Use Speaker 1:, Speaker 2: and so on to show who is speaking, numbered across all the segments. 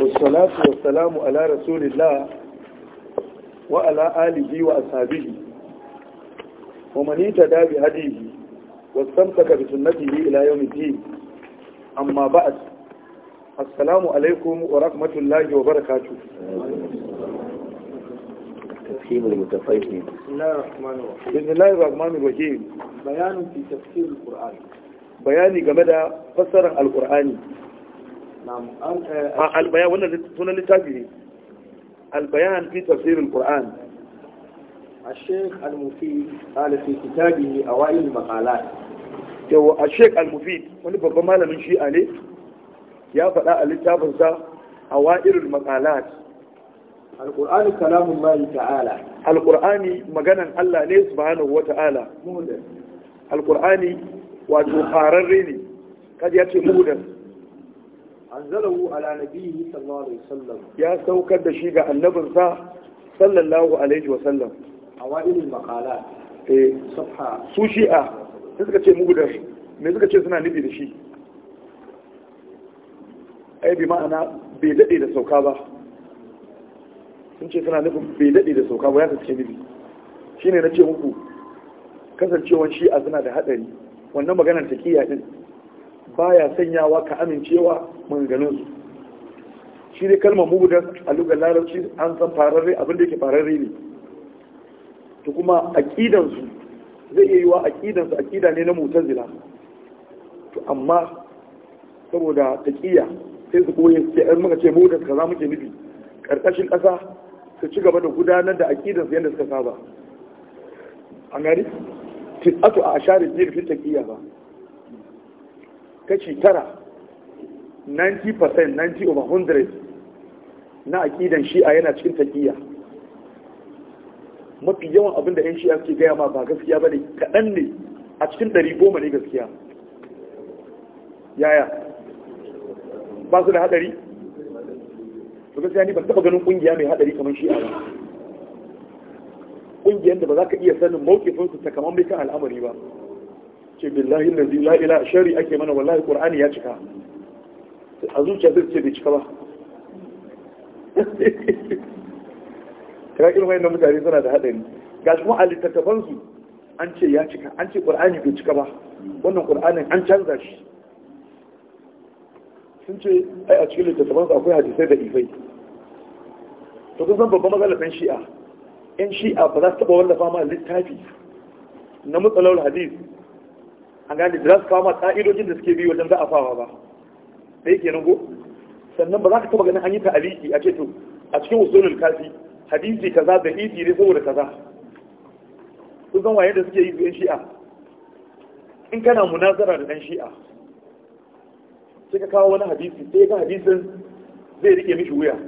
Speaker 1: wasalatu wasalamu ala rasulillah wa ala alihi wa ashabihi wa man yatada bi hadihi wastamtaka bi sunnatihi ila yawm al-din amma ba'd assalamu alaykum wa rahmatullahi wa barakatuh bayani game da fasarar alqur'ani نعم آه، آه، البيان ولا هنا لتاجه البيان في تفسير القرآن الشيخ المفيد قال في كتابه أوائل المقالات هو الشيخ المفيد وانا ببما لم نشيء عليه يا فلا الكتابه أوائل المقالات القرآن كلام الله تعالى القرآن مجانا الله ليه سبحانه وتعالى مهدر القرآن وتقارريني قد يأتي مهدر anzalahu ala nabiyhi sallallahu alaihi wasallam ya saukar da shi ga annabinsa sallallahu alaihi wasallam awailul maqalat eh safha su shi'a sai suka ce mugu da me suka ce suna nufi da shi ai bi ma'ana bai dade da sauka ba sun ce suna nufin bai dade da sauka ba ya sace nufi shine na ce muku Kasancewan shi'a suna da hadari wannan maganar taqiya din baya sanyawa ka amincewa manganin su shi dai kalmar mubudan a lugar larabci an san fararre abin da yake fararre ne to kuma aqidan su zai iya yi aqidan su aqida ne na mu'tazila to amma saboda taqiya sai su koyi sai an muka ce mubudan kaza muke nufi karkashin kasa su ci gaba da gudanar da aqidan su yadda suka saba an gani tis'atu a ashari fi taqiya ba kashi tara 90% na aƙidan shi'a yana cikin taƙiyya mafi yawan abin da 'yan shi'a suke gaya ma ba gaskiya ba ne kaɗan ne a cikin ɗari goma ne gaskiya yaya ba su da haɗari su gaskiya ne ba taɓa ganin ƙungiya mai haɗari kamar shi'a ba ƙungiyar da ba za ka iya sanin mawukifinsu ta kamar mai kan al'amari ba ce billahi lazi la ila shari ake mana wallahi qur'ani ya cika a zuciya zai ce bai cika ba kaga irin wayannan mutane suna da hadari gashi kuma a littattafan su an ce ya cika an ce qur'ani bai cika ba wannan qur'anin an canza shi sun ce ai a cikin littattafan su akwai hadisai da ifai to kun san babban matsalar shi'a yan shi'a ba za su taɓa wallafa ma littafi na matsalar hadisi an gane da za su kawo masu ƙa'idojin da suke bi wajen za a fawa ba ke nan ko sannan ba za ka taɓa ganin an yi ta aliki a ce to a cikin usulul kafi hadisi kaza da isi ne saboda kaza kun zan waye da suke yi ɗan shi'a in kana munazara da ɗan shi'a sai ka kawo wani hadisi sai ka hadisin zai rike mishi wuya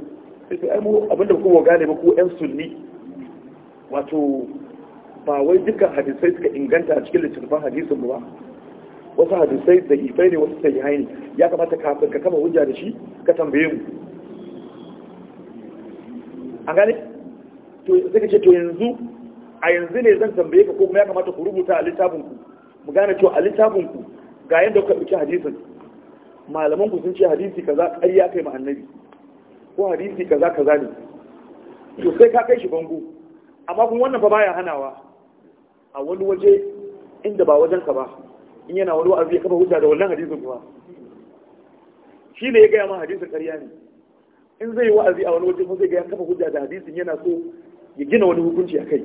Speaker 1: sai sai ai mu abinda kuma gane ba ko ƴan sunni wato ba wai dukkan hadisai suka inganta a cikin littattafan hadisin ba wasu hadisai da ifai ne wasu sai haini ya kamata kafin ka kama hujja da shi ka tambaye mu an gane to sai ka ce to yanzu a yanzu ne zan tambaye ka ko kuma ya kamata ku rubuta a littafinku mu gane cewa a littafinku ga yadda kuka ɗauki hadisin malaman ku sun ce hadisi kaza ƙarya kai ma'annabi ko hadisi kaza kaza ne to sai ka kai shi bango amma kun wannan fa baya hanawa a wani waje inda ba wajen ka ba in yana wani wa'azi ya kafa hujja da wannan hadisin kuma shi ne ya gaya ma hadisin ƙarya ne in zai yi wa'azi a wani waje kuma zai gaya kafa hujja da hadisin yana so ya gina wani hukunci a kai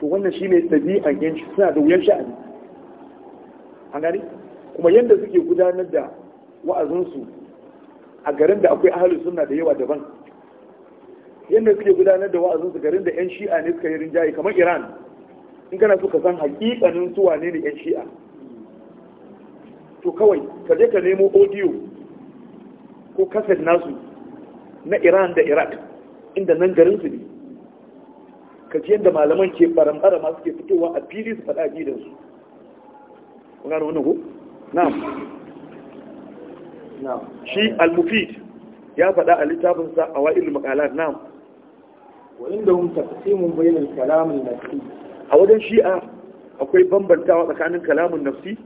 Speaker 1: to wannan shi ne ɗabi'an yanci suna da wuyan sha'ani an gani kuma yadda suke gudanar da wa'azinsu a garin da akwai ahalin suna da yawa daban yadda suke gudanar da wa'azinsu garin da 'yan shi'a ne suka yi rinjaye kamar iran in kana so ka san hakikanin su wane ne yan shi'a to kawai ka je ka nemo audio ko kasar nasu na iran da iraq inda nan garin su ne ka ji yadda malaman ke barambara masu ke fitowa a fili su faɗa gidansu kuna da wani Na. na'am shi al-mufid ya faɗa a littafinsa a wa'il makalar na'am wa'inda hun tafi simun bayanin kalamun al-nafsi a wajen shi'a akwai bambantawa tsakanin kalamun nafsi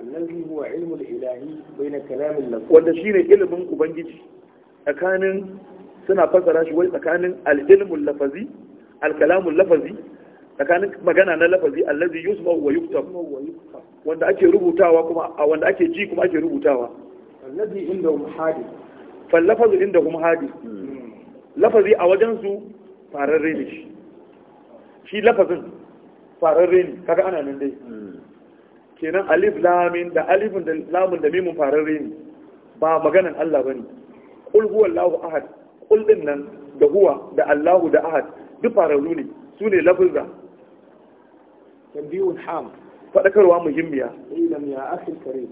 Speaker 1: allazi huwa ilmu ilahi bayna kalamin nafsi wanda shine ilimin ubangiji tsakanin suna fassara shi wai tsakanin al-ilmul lafazi al-kalamul lafazi tsakanin magana na lafazi allazi yusma wa yuktab wanda ake rubutawa kuma a wanda ake ji kuma ake rubutawa allazi indahum hadi fal lafazu indahum hadi hmm. lafazi a wajen su fararre ne shi shi lafazin fararre ne kaga ana nan dai hmm. kenan alif lamin da alifin da lamun da mimun fararre ne ba maganan Allah bane qul huwallahu ahad kul din nan da huwa da Allahu da ahad duk fararru ne su ne lafuzza tanbihun ham fadakarwa muhimmiya ilam ya akhi karim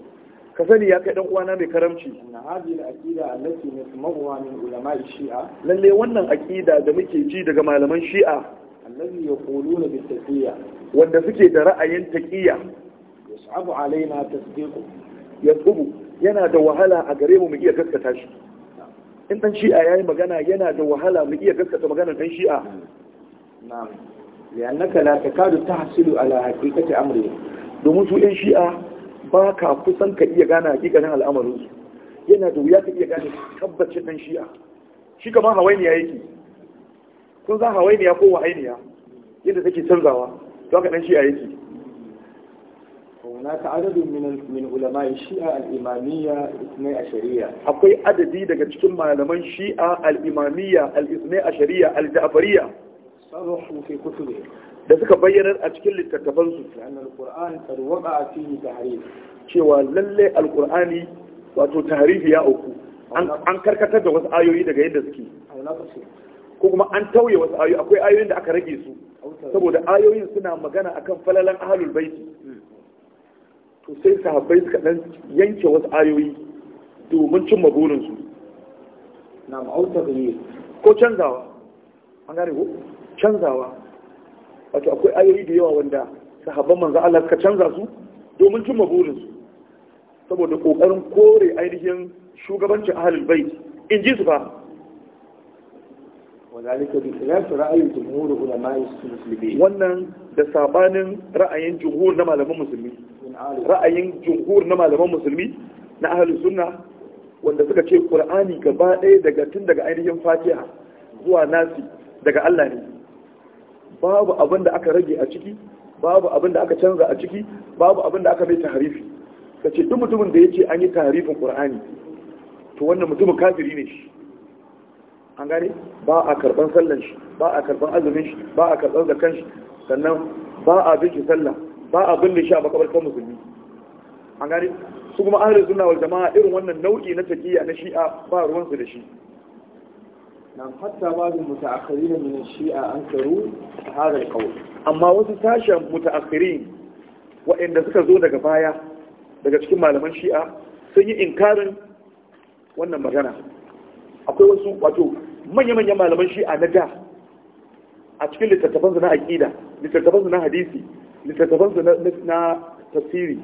Speaker 1: ka sani ya kai dan uwana mai karamci na hadhihi al-aqida allati nasma'uha min ulama'i shi'a lalle wannan aqida da muke ji daga malaman shi'a allazi yaquluna bi tafiya wanda suke da ra'ayin taƙiyya yas'abu alaina tasdiqu yas'abu yana da wahala a gare mu mu iya gaskata shi in dan shi'a yayi magana yana da wahala mu iya gaskata maganar dan shi'a na'am li'annaka la takadu tahsilu ala haqiqati amri domin su yan shi'a ba ka kusan ka iya gane hakikanin al'amarin su yana da wuya ka iya gane tabbacin dan shi'a shi kamar hawainiya yake kun za hawainiya ko wahainiya yadda take canzawa to haka dan shi'a yake هناك عدد من من علماء الشيعة الإمامية الاثني عشرية أقول عدد دقة تسمى الاثني صرحوا في da suka bayyana a cikin littattafansu cewa lalle alkur'ani wato tahrifi ya uku an karkatar da wasu ayoyi daga yadda suke ko kuma an tauye wasu ayoyi akwai ayoyin da aka rage su saboda ayoyin suna magana akan falalan ahlul baiti to sai sahabbai suka dan yanke wasu ayoyi domin cimma burinsu na ma'auta ne ko canzawa an gane ko canzawa wato akwai ayoyi da yawa wanda sahabban manzo Allah suka canza su domin cimma burinsu saboda kokarin kore ainihin shugabancin ahlul bait in ji su fa wannan da sabanin ra'ayin jumhur na malaman musulmi ra'ayin jumhur na malaman musulmi na ahalin sunna wanda suka ce qur'ani gaba ɗaya daga tun daga ainihin fatiha zuwa nasi daga Allah ne babu abin da aka rage a ciki babu abin da aka canza a ciki babu abin da aka mai ka kace duk mutumin da ya ce an yi tahrifin qur'ani to wannan mutumin kafiri ne shi an gane ba a karban sallan shi ba a karban azumin shi ba a karban zakan shi sannan ba a bin shi sallah ba a binne shi a makabartar musulmi an gane su kuma ahlus sunna wal jama'a irin wannan nau'i na taqiyya na shi'a ba ruwan su da shi nan hatta ba bi mutaakhirin min shi'a an karu hada alqawl amma wasu tashan mutaakhirin waɗanda suka zo daga baya daga cikin malaman shi'a sun yi inkarin wannan magana akwai wasu wato manya-manyan malaman shi'a na da a cikin littattafansu na aƙida littattafansu na hadisi littattafansu na tafsiri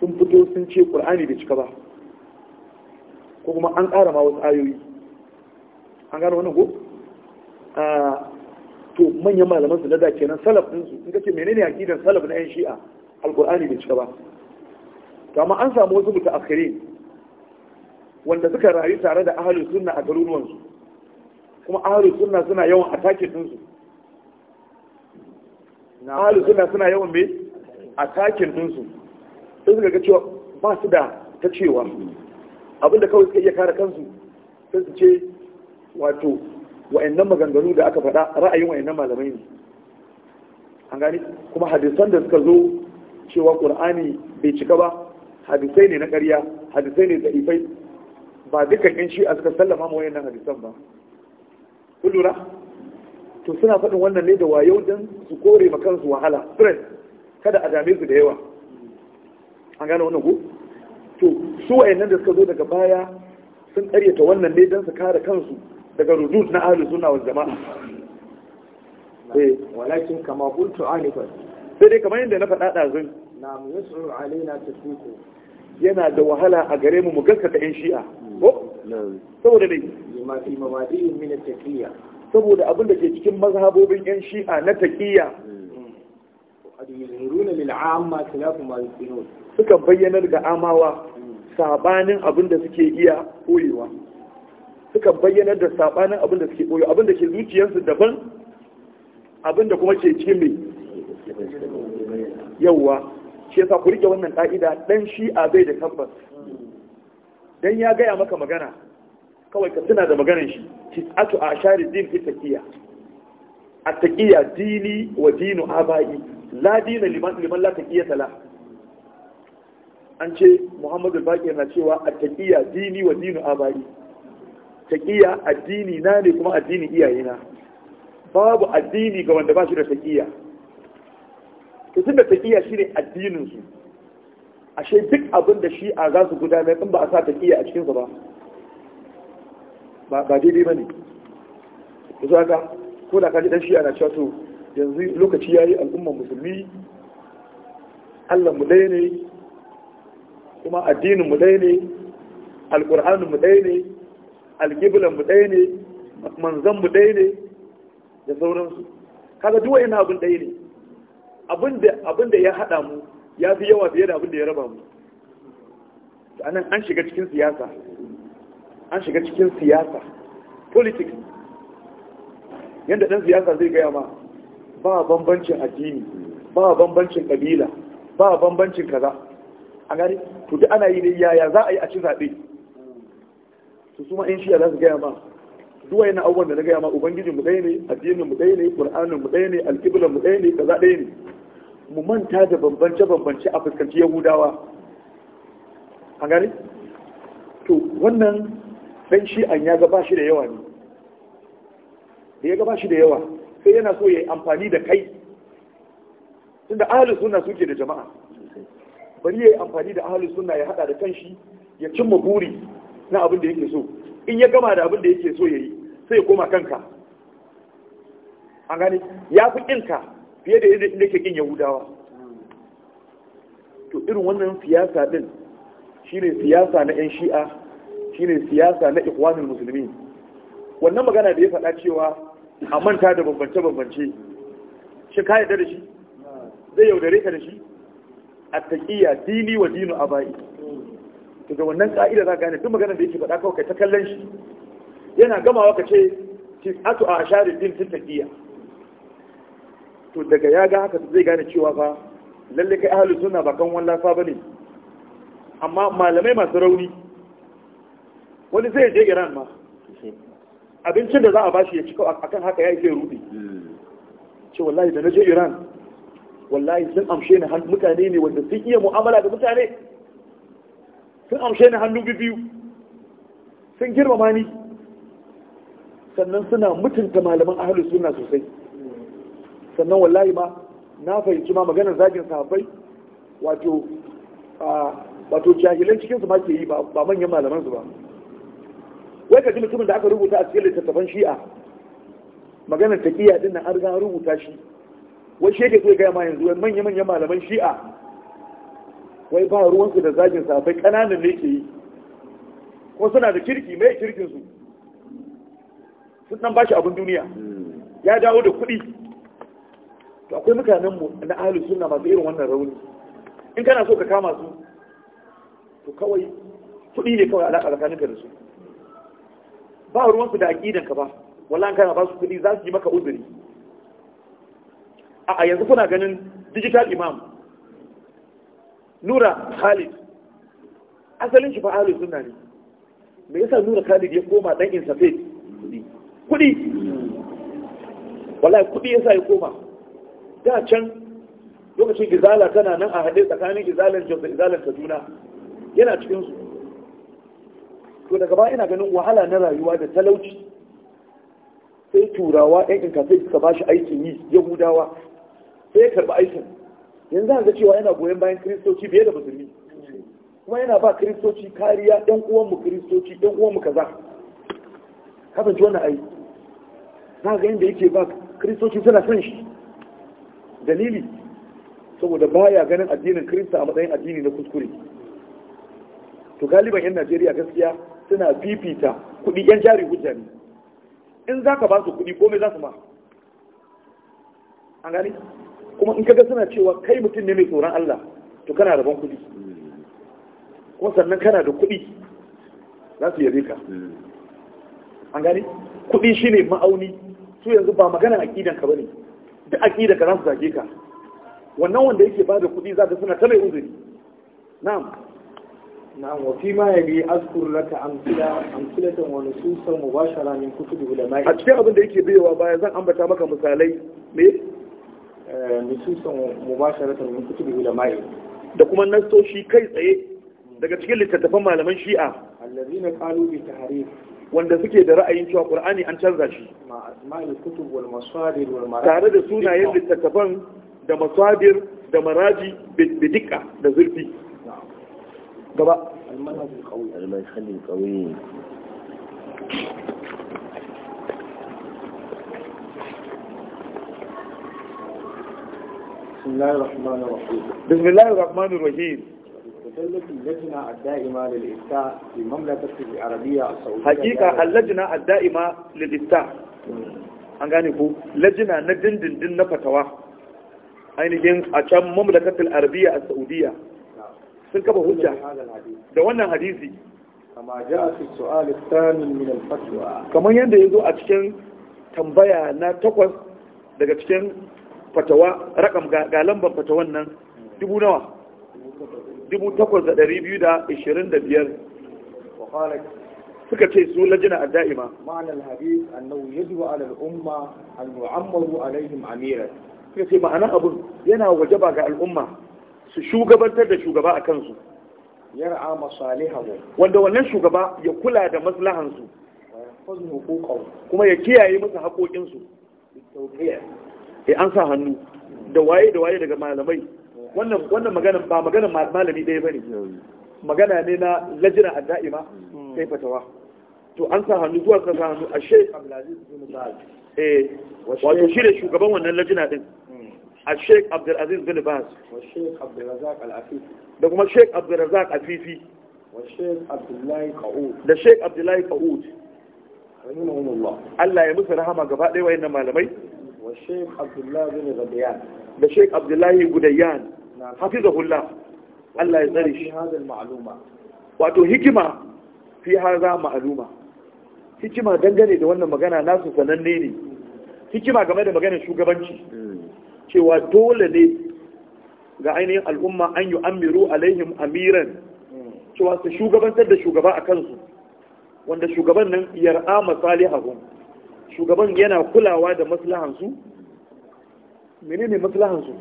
Speaker 1: sun fito sun ce ƙur'ani bai cika ba ko kuma an ƙara ma wasu ayoyi an gano wannan ko to manyan malaman su na da kenan salaf din su in kace menene aqidan salaf na yan shi'a alqur'ani bai cika ba to amma an samu wasu mutaakhiri wanda suka rayu tare da ahlus sunna a garuruwan su kuma ahlus sunna suna yawan atake din su ahlus sunna suna yawan me atake din su sai suka ga cewa ba su da ta cewa abinda kawai suka iya kare kansu sai su ce wato wa'annan maganganu da aka faɗa ra'ayin wa'annan malamai ne an gani kuma hadisan da suka zo cewa qur'ani bai cika ba hadisai ne na ƙarya hadisai ne da ifai ba dukkan yan shi'a suka sallama ma wayannan hadisan ba Kudura, to suna faɗin wannan ne da wayo don su kore ma kansu wahala stress kada a dame su da yawa an gane wannan ku to su wayannan da suka zo daga baya sun ƙaryata wannan ne don su kare kansu daga rudud na ahlus sunna wal jama'a eh walakin kama qultu anifa. sai dai kamar yadda na faɗa ɗazun na'am yas'u alaina tasdiqu yana da wahala a gare mu mu gaskata yan shi'a saboda me saboda abin da ke cikin mazhabobin yan shi'a na taqiyya mm. suka bayyanar ga amawa mm. sabanin abin da suke iya koyewa suka bayyanar da sabanin abin da suke koyo abin da ke zuciyarsu daban abin da kuma ke cikin mai yawwa shi yasa ku rike wannan ka'ida dan shi'a bai da tabbas dan ya gaya maka magana kawai ka tuna da maganar shi tis'atu shari din fi taqiya at-taqiya dini wa dinu abai la dina liman liman la taƙiya tala. an ce Muhammadu al-Baqir na cewa at-taqiya dini wa dinu abai taqiya addini na ne kuma addini iyayena babu addini ga wanda ba shi da taqiya to tunda taqiya shine addinin su ashe duk abin da shi'a za su gudanar in ba a sa ta iya a cikinsa ba ba daidai ba ne da za ka ko da kaji dan shi'a na cewa to yanzu lokaci ya yi al'umman musulmi allah mu ɗaya ne kuma addinin mu ɗaya ne alƙur'aninmu mu ɗaya ne alƙiblan mu ɗaya ne manzanmu mu ɗaya ne da sauransu kaga duwa yana abin ɗaya ne abin da ya haɗa mu ya fi yawa fiye da abin da ya raba mu anan an shiga cikin siyasa an shiga cikin siyasa politics yadda ɗan siyasa zai gaya ma ba bambancin addini ba bambancin ƙabila ba bambancin kaza a gari to duk ana yi ne yaya za a yi a ci zaɓe su suma in shiya za su gaya ma duwa yana abubuwan da na gaya ma ubangijin mu ɗaya ne addinin mu ɗaya ne ƙur'anin mu ɗaya ne alƙiblan mu ɗaya ne kaza ɗaya ne mu manta da bambance-bambance a fuskanci yahudawa an gani? to wannan ɗan shi'an ya gaba shi da yawa ne da ya gaba shi da yawa sai yana so ya yi amfani da kai tunda ahalus suna suke da jama'a bari ya yi amfani da ahalus suna ya hada da kanshi ya cimma buri na abin da yake so in ya gama da abin da yake so ya yi sai ya koma kanka an gani ya fi ƙinka fiye da yadda ke kin yahudawa to irin wannan siyasa din shine siyasa na yan shi'a shine siyasa na ikhwanul musulmi wannan magana da ya faɗa cewa a manta da bambance bambance shi ka yarda da shi zai yaudare ka da shi A taqiya dini wa dinu abai to da wannan ka'ida za ka gane duk maganar da yake faɗa kawai ka ta kallon shi yana gamawa ka ce tis atu a asharin din taqiya to daga ya ga haka zai gane cewa fa lalle kai ahlus sunna ba kan wallafa bane amma malamai masu rauni wani zai je Iran ma abincin da za a bashi ya ci akan haka ya yi sai rudi ce wallahi da na je Iran wallahi sun amshe ni mutane ne wanda sun iya mu'amala da mutane sun amshe ni hannu biyu sun girmama ni sannan suna mutunta malaman ahlus sunna sosai sannan wallahi ma na fahimci ma maganar zagin sahabbai wato wato jahilan cikin su ma ke yi ba manyan malaman su ba wai ka ji mutumin da aka rubuta a cikin littattafan shi'a maganar taqiya din nan an riga rubuta shi wai shege zai gaya ma yanzu manyan manya manyan malaman shi'a wai ba ruwansu da zagin sahabbai kananan ne ke yi ko suna da kirki mai kirkin su sun dan bashi abin duniya hmm. ya dawo da kuɗi to akwai mutanen mu na ahlus suna masu irin wannan rauni in kana so ka kama su to kawai kuɗi ne kawai alaƙa tsakaninka da su ba ruwansu da aƙidan ka ba an kana ba su kuɗi za su yi maka uzuri a yanzu kuna ganin digital imam nura khalid asalin shi fa ahlus suna ne me yasa nura khalid ya koma dan insafe kuɗi kuɗi wallahi kuɗi yasa ya koma da can lokacin gizala tana nan a haɗe tsakanin izalan jos da izalan kaduna yana cikin su to daga baya ina ganin wahala na rayuwa da talauci sai turawa yan inkasai suka ba shi aikin yi yahudawa sai ya karɓi aikin yanzu an ga cewa yana goyon bayan kiristoci biye da musulmi kuma yana ba kiristoci kariya ɗan uwanmu kiristoci ɗan uwanmu kaza ka ci wannan aiki. za ga yadda yake ba kiristoci suna son shi dalili saboda baya ganin addinin kirista a matsayin addini na kuskure to galiban 'yan najeriya gaskiya suna fifita kuɗi 'yan jari hujja ne in za ka ba su kuɗi komai za su ma an gani kuma in kaga suna cewa kai mutum ne mai tsoron Allah to kana rabon kuɗi kuma sannan kana da kuɗi za su yabe ka hmm. an gani kuɗi shine ma'auni su yanzu ba magana aqidan ka bane duk aƙida ka za su zage ka wannan wanda yake ba da kuɗi za ta suna ta mai uzuri na'am na'am wa fi ma yabi azkur laka amsila amsilatan wa nususan mubashara min da ulama'i a cikin abin da yake bayawa baya zan ambata maka misalai me eh, nususan mubasharatan min kutubi ulama'i da kuma nasoshi kai tsaye daga cikin littattafan malaman shi'a allazina qalu bi tahrif wanda suke da ra'ayin cewa qur'ani an canza shi tare da sunayen littattafan da masadir da maraji da dika da zurfi gaba بسم الله الرحمن الرحيم بسم الله الرحمن الرحيم وتكلف allajina الدائمة للإفتاء في an gane ku. lajina na dindindin na fatawa ainihin a can mamlakatul arabiya a saudiya sun kafa hujja da wannan hadisi Kamar yadda ya zo a cikin tambaya na takwas daga cikin fatawa rakam ga lambar fatawan nan dubu nawa suka ce su lajina a da'ima ma'anar hadis annau ya ala al'umma al-mu'ammaru alaihim amira suka ce ma'ana abun yana waje ba ga al'umma su shugabantar da shugaba a kansu yar'a masalihahu wanda wannan shugaba ya kula da maslahansu kuma ya kiyaye masa haƙoƙinsu ya eh, an sa hannu da waye da waye daga malamai wannan wannan magana ba magana malami ɗaya bane magana ne na lajina adda'ima kai hmm. fatawa to an sa hannu zuwa ka sa hannu a sheikh abdulaziz bin baz eh wato shi ne shugaban wannan lajina din hmm. a sheikh abdulaziz bin baz da kuma sheikh abdulrazak afifi da sheikh abdullahi qaud Allah ya musu rahama gaba ɗaya wayannan malamai da sheikh abdullahi gudayyan hula. Allah ya tsare shi wato hikima fi haza ma'aluma hikima dangane da wannan magana nasu sananne ne hikima game da maganar shugabanci cewa dole ne ga ainihin al'umma an yi amiru alaihim amiran cewa su shugabantar da shugaba a kansu wanda shugaban nan yar'a masalihahum shugaban yana kulawa da maslahansu menene maslahansu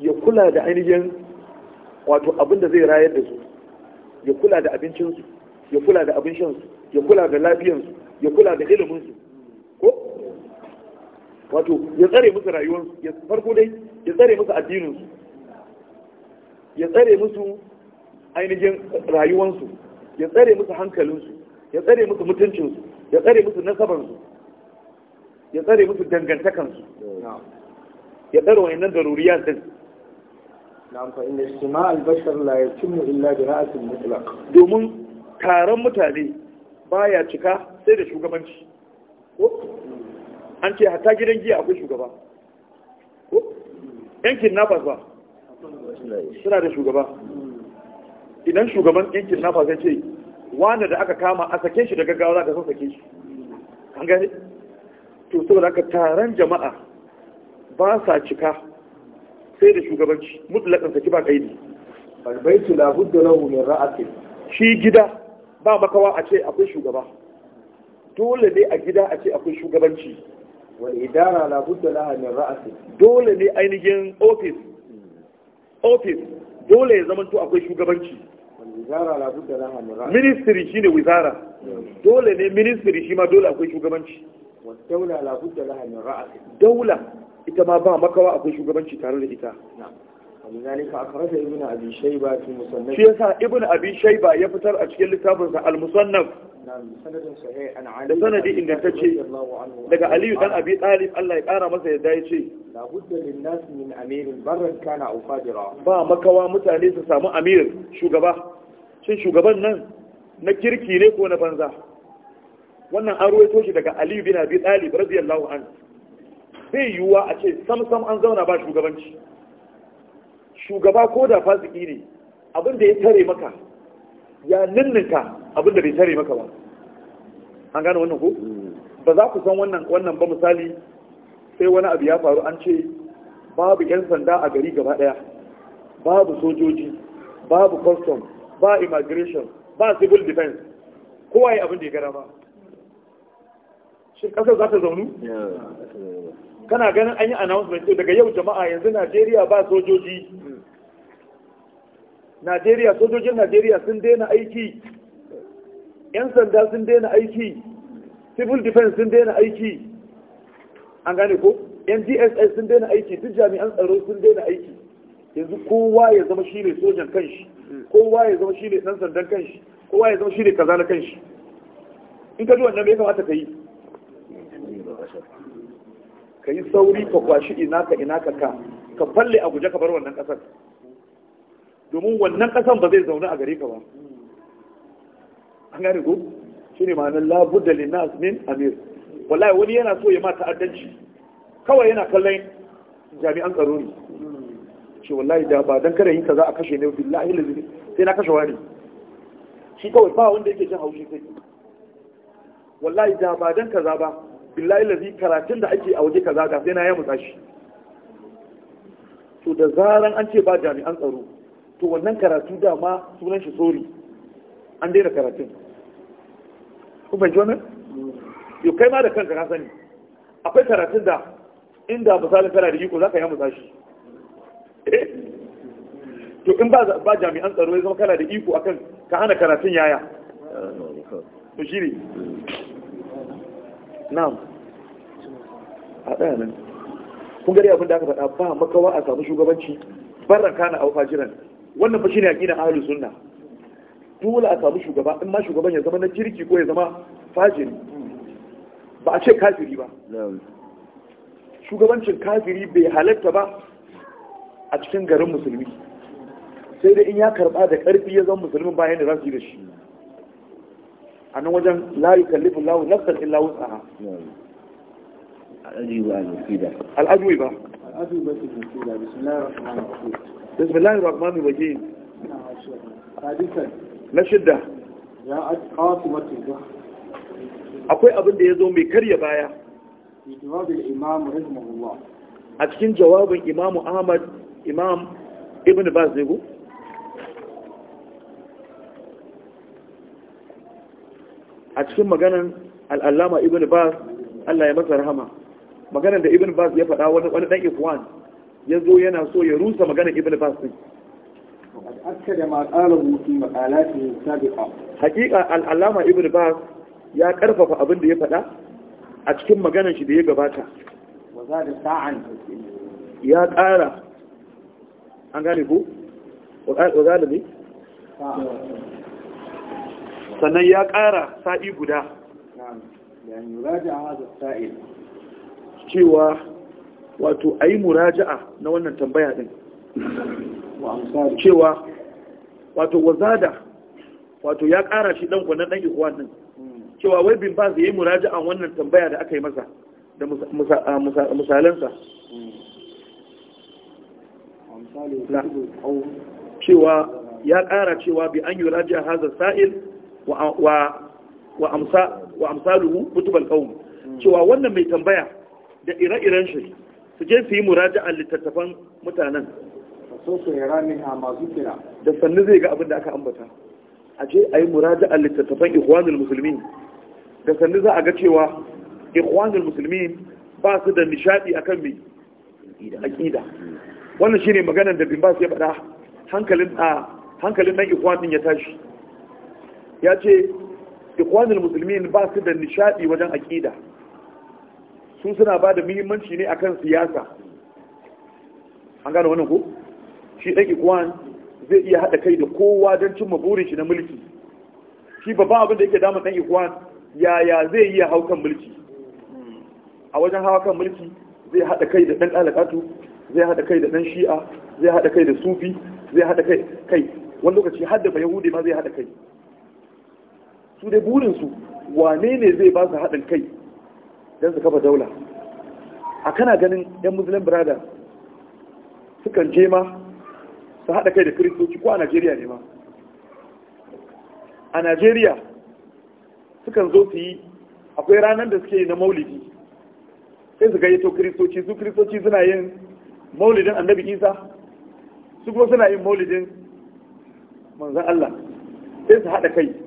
Speaker 1: ya kula da ainihin wato abin da zai rayar da su ya kula da abincinsu ya kula da abin shansu ya kula da lafiyansu ya kula da iliminsu ko wato ya tsare musu rayuwarsu ya farko dai ya tsare musu addininsu ya tsare musu ainihin rayuwarsu ya tsare musu hankalinsu ya tsare musu mutuncinsu ya tsare musu nasabansu ya tsare musu dangantakansu ya tsare wayannan daruriya din bashar domin taron mutane baya cika sai da shugabanci an ce hata gidan giya akwai shugaba yankin nafas ba suna da shugaba idan shugaban yankin nafas ya ce wanda da aka kama a sake shi da gaggawa za ka son sake shi an gane to saboda aka taron jama'a ba sa cika sai da shugabanci mutlakan saki ba kaidi albaitu la budda lahu min ra'atin shi gida ba makawa a ce akwai shugaba dole ne a gida a ce akwai shugabanci Wani idara la budda laha min ra'atin dole ne ainihin office office dole ya zamanto akwai shugabanci ministry shi ne wizara dole ne ministry shi ma dole akwai shugabanci daula ita ma ba makawa akwai shugabanci tare da ita shi ya sa ibn abi shaiba ya fitar a cikin littafinsa al-musannaf da sanadi ingantacce daga aliyu dan abi talib Allah ya kara masa yadda ya ce ba makawa mutane su samu amir shugaba shin shugaban nan na kirki ne ko na banza wannan an ruwaito shi daga aliyu bin abi talib radiyallahu anhu bai yiwuwa a ce samsam an zauna ba shugabanci shugaba ko da fasiki ne abin da ya tare maka ya ninninka abin da bai tare maka ba an gane wannan ko ba za ku san wannan ba misali sai wani abu ya faru an ce babu yan sanda a gari gaba daya babu sojoji babu custom ba immigration ba civil defense kowa ya abin da ya gara ba shi kasar za ta zaunu kana ganin an yi announcement daga yau jama'a yanzu Najeriya ba sojoji Najeriya sojojin Najeriya sun daina aiki yan sanda sun daina aiki civil defense sun daina aiki an gane ko NDSS sun daina aiki duk jami'an tsaro sun daina aiki yanzu kowa ya zama shi ne sojan kanshi kowa ya zama shi ne dan sandan kanshi kowa ya zama shi ne kaza na kanshi in ka ji wannan bai kamata ka yi ka yi sauri ka kwashi ina ka ina ka ka ka falle a guje ka bar wannan ƙasar domin wannan ƙasar ba zai zaune a gare ka ba an gane ko shi ne ma'anar labudda linas min amir wallahi wani yana so ya ma ta'addanci kawai yana kallon jami'an tsaro ne ce wallahi da ba dan kada yin kaza a kashe ne billahi lazimi sai na kashe wani shi kawai ba wanda yake jin haushi sai wallahi da ba dan kaza ba billahi lazi karatun da ake a waje kaza ga sai na ya mutsa shi to da zaran an ce ba jami'an tsaro to wannan karatu dama sunan shi sori an daina karatun ku fahimci wannan yau kai ma da kanka ka sani akwai karatun da inda misalin kana da iko za ka yi mutsa shi eh? to in ba jami'an tsaro ya zama kana da iko akan ka hana karatun yaya to shi ne na'am a ɗaya nan kun gari abin da aka faɗa ba makawa a samu shugabanci barraka na aufa jiran wannan fa shine aqidar ahlus sunna dole a samu shugaba in ma shugaban ya zama na kirki ko ya zama fajiri ba a ce kafiri ba shugabancin kafiri bai halatta ba a cikin garin musulmi sai dai in ya karba da ƙarfi ya zama musulmin bayan da za su yi da shi a nan wajen layu kallifin lawu nafsar illa wutsa ha al'ajuwi ba bismillahir rahmanir rahim na shidda ya aji akwai abin ya zo mai karya baya a cikin jawabin imamu ahmad imam ibn bazegu a cikin maganan al'allama ibn bas Allah ya masa rahama maganan da ibn bas ya faɗa wani ɗan dan ikwan ya zo yana so ya rusa maganan ibn bas din haƙiƙa al'allama ibn bas ya ƙarfafa abin da ya faɗa a cikin maganan shi da ya gabata sa'an ya ƙara an gane ko wa zada ne sannan ya ƙara sa'i guda cewa wato a yi muraja'a na wannan tambaya ɗin cewa wato wazada wato ya ƙara shi ɗan kwanan ɗan ikuwan ɗin hmm. cewa wai bin ba zai yi muraja'a wannan tambaya da aka yi masa da misalansa hmm. cewa ya ƙara cewa bi an yi rajiya hazar sa'il wa amsaluhu kutubal qawm hmm. cewa wannan mai tambaya da ire-iren shi su je su yi muraja a littattafan mutanen so su yara min a masu kira da sannu zai ga abin da aka ambata a je a yi muraja a littattafan ikhwanul musulmin. da sannu za a ga cewa ikhwanul musulmin ba su da nishadi akan mai aqida wannan shi ne maganar da bin ba su ya faɗa hankalin nan ikhwan ya tashi ya ce ikwanin musulmin ba su da nishadi wajen aƙida su suna ba da muhimmanci ne akan siyasa an gane wannan ku? shi ɗan ikwan zai iya haɗa kai da kowa don cimma maburin shi na mulki shi babban abin da yake damun ɗan ikwan yaya zai iya hau kan mulki a wajen hawa kan mulki zai haɗa kai da ɗan ɗalakatu zai haɗa kai da ɗan shi'a zai haɗa kai da sufi zai haɗa kai wani lokaci har da yahudi ma zai haɗa kai su dai burinsu wane ne zai ba su haɗin kai don su kafa daula a kana ganin 'yan muslim brother sukan je ma su haɗa kai da kiristoci ko a najeriya ne ma a najeriya sukan zo su yi akwai ranar da suke yi na maulidi sai su gayyato kiristoci su kiristoci suna yin maulidin annabi isa su kuma suna yin maulidin manzan allah sai su haɗa kai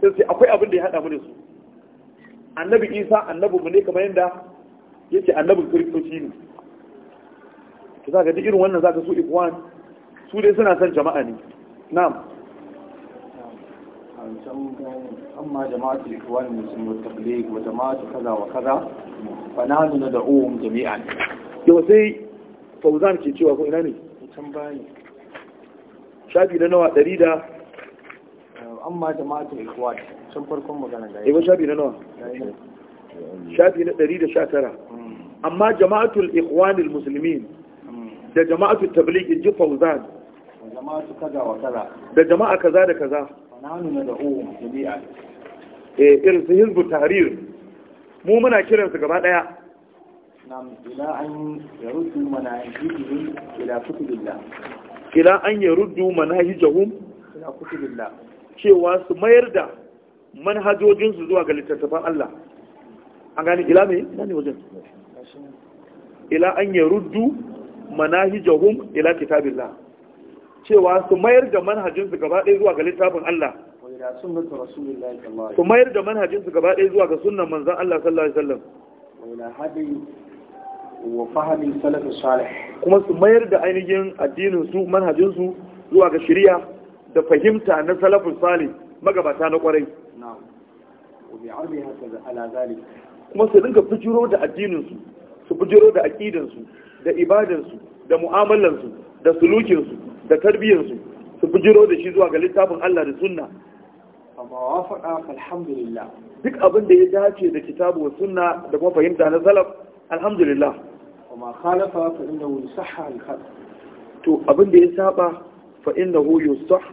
Speaker 1: sai sai akwai abin da ya hada mu da su annabi isa annabi mu ne kamar yadda yake annabin kristoci ne to zaka duk irin wannan zaka so ikwan su dai suna son jama'a ne na'am ko جماعة الإخوان المسلمين kaza وجماعة كذا وكذا da ندعوهم jami'an yau sai fauzan ke cewa ko ina ne shafi na nawa ɗari da amma jama'atu ikhwan sun farkon magana da yayi eh, shafi na nawa shafi na 119 hmm. amma jama'atul ikhwanil muslimin hmm. da jama'atul tabligh in ji fauzan jama'atu kaza wa kaza da jama'a kaza da kaza nanu na jami'a eh irin su hizbu tahrir mu muna kiransu gaba ɗaya. إلى أن يردوا مناهجهم إلى كتب الله إلى أن يردوا cewa su mayar da manhajojinsu zuwa ga littattafan Allah an gani ila mai ina ne wajen ila an yi ruddu manahijahum ila kitabillah cewa su mayar da manhajinsu gaba ɗaya zuwa ga littafin Allah su mayar da manhajinsu gaba ɗaya zuwa ga sunan manzan Allah sallallahu alaihi wasallam wa kuma su mayar da ainihin addinin su manhajinsu zuwa ga shari'a da fahimta na salafin salih magabata na kwarai kuma su dinga bujiro da addininsu su bujiro da aƙidansu da ibadansu da mu'amalansu da sulukinsu da tarbiyyarsu su bujiro da shi zuwa ga littafin Allah da sunna duk abin da ya dace da kitabu wa sunna da kuma fahimta na salaf alhamdulillah to abin da ya saba fa يصح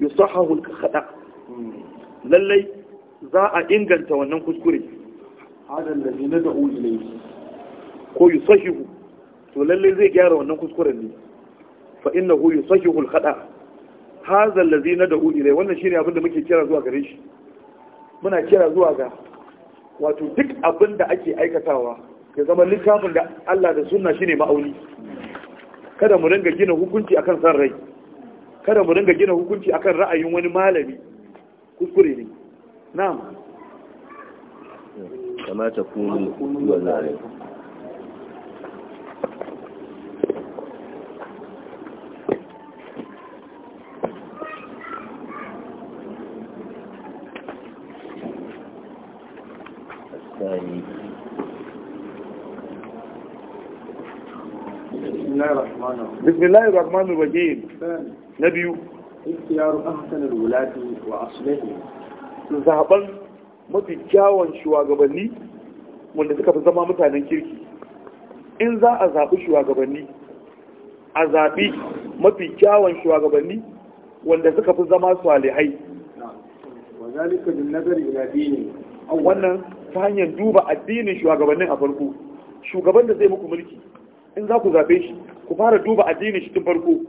Speaker 1: يصحه الخطا للي lallai za a inganta wannan kuskure هذا الذي ندعو اليه كو ko تو to lallai zai gyara wannan kuskuren ne fa يصحه الخطا هذا الذي ندعو اليه wannan shine abinda muke kira zuwa gare shi muna kira zuwa ga wato duk abinda ake aikatawa ke zama littafin da Allah da sunna shine ma'auni kada mu ringa gina hukunci akan san rai kada mu dinga gina hukunci akan ra'ayin wani malami kuskure ne na'am
Speaker 2: kamata ta kunu wallahi
Speaker 1: بسم الله الرحمن الرحيم na biyu ikhtiyaru ahsanul wulati wa aslihim zaben mafi kyawun shugabanni wanda suka fi zama mutanen kirki in za a zaɓi shugabanni a zaɓi mafi kyawun shugabanni wanda suka fi zama salihai wazalika wannan ta hanyar duba addinin shugabannin a farko shugaban da zai muku mulki in za ku zaɓe shi ku fara duba addinin shi tun farko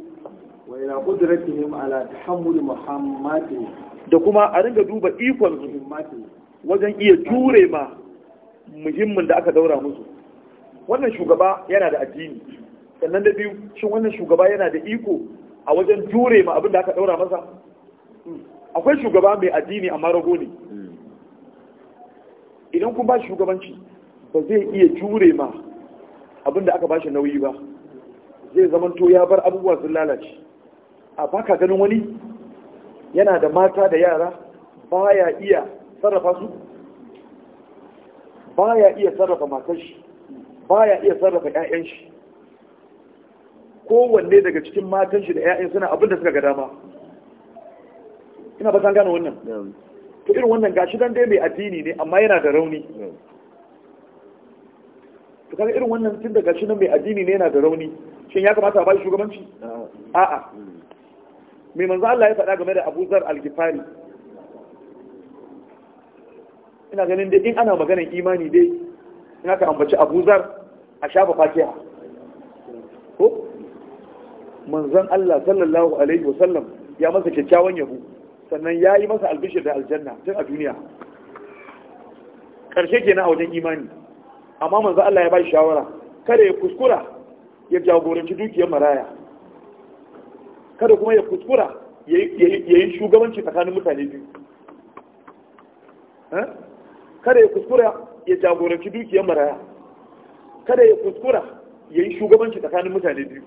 Speaker 1: ila qudratihim ala tahammul muhammadi da kuma a ringa duba ikon muhimmati wajen iya jure ma muhimmin da aka daura musu wannan shugaba yana da addini sannan da biyu shin wannan shugaba yana da iko a wajen jure ma abin da aka daura masa akwai shugaba mai addini amma rago ne idan kun ba shugabanci ba zai iya jure ma abin da aka bashi nauyi ba zai zamanto ya bar abubuwa sun lalace a baka ganin wani yana da mata da yara baya iya sarrafa su baya iya sarrafa matar shi baya iya sarrafa ƴaƴan shi kowanne daga cikin matan shi da ƴaƴan suna abin da suka ga dama ina ba san gane wannan to irin wannan gashi dan dai mai addini ne amma yana da rauni to kaga irin wannan tun da gashi nan mai addini ne yana da rauni shin ya kamata a bai shugabanci a'a mm. mai manzo Allah ya faɗa game da Abu Zar al-Ghifari ina ganin dai in ana maganar imani dai in aka ambaci Abu Zar a shafa Fatiha ko manzon Allah sallallahu alaihi wasallam ya masa kyakkyawan yabo sannan ya yi masa albishir da aljanna tun a duniya ƙarshe kenan a wajen imani amma manzo Allah ya ba shi shawara kada ya kuskura ya jagoranci dukiyar maraya kada kuma ya kuskura ya yi shugabanci tsakanin mutane biyu eh? kada ya kuskura ya jagoranci dukiyar maraya kada ya kuskura ya yi shugabanci tsakanin mutane biyu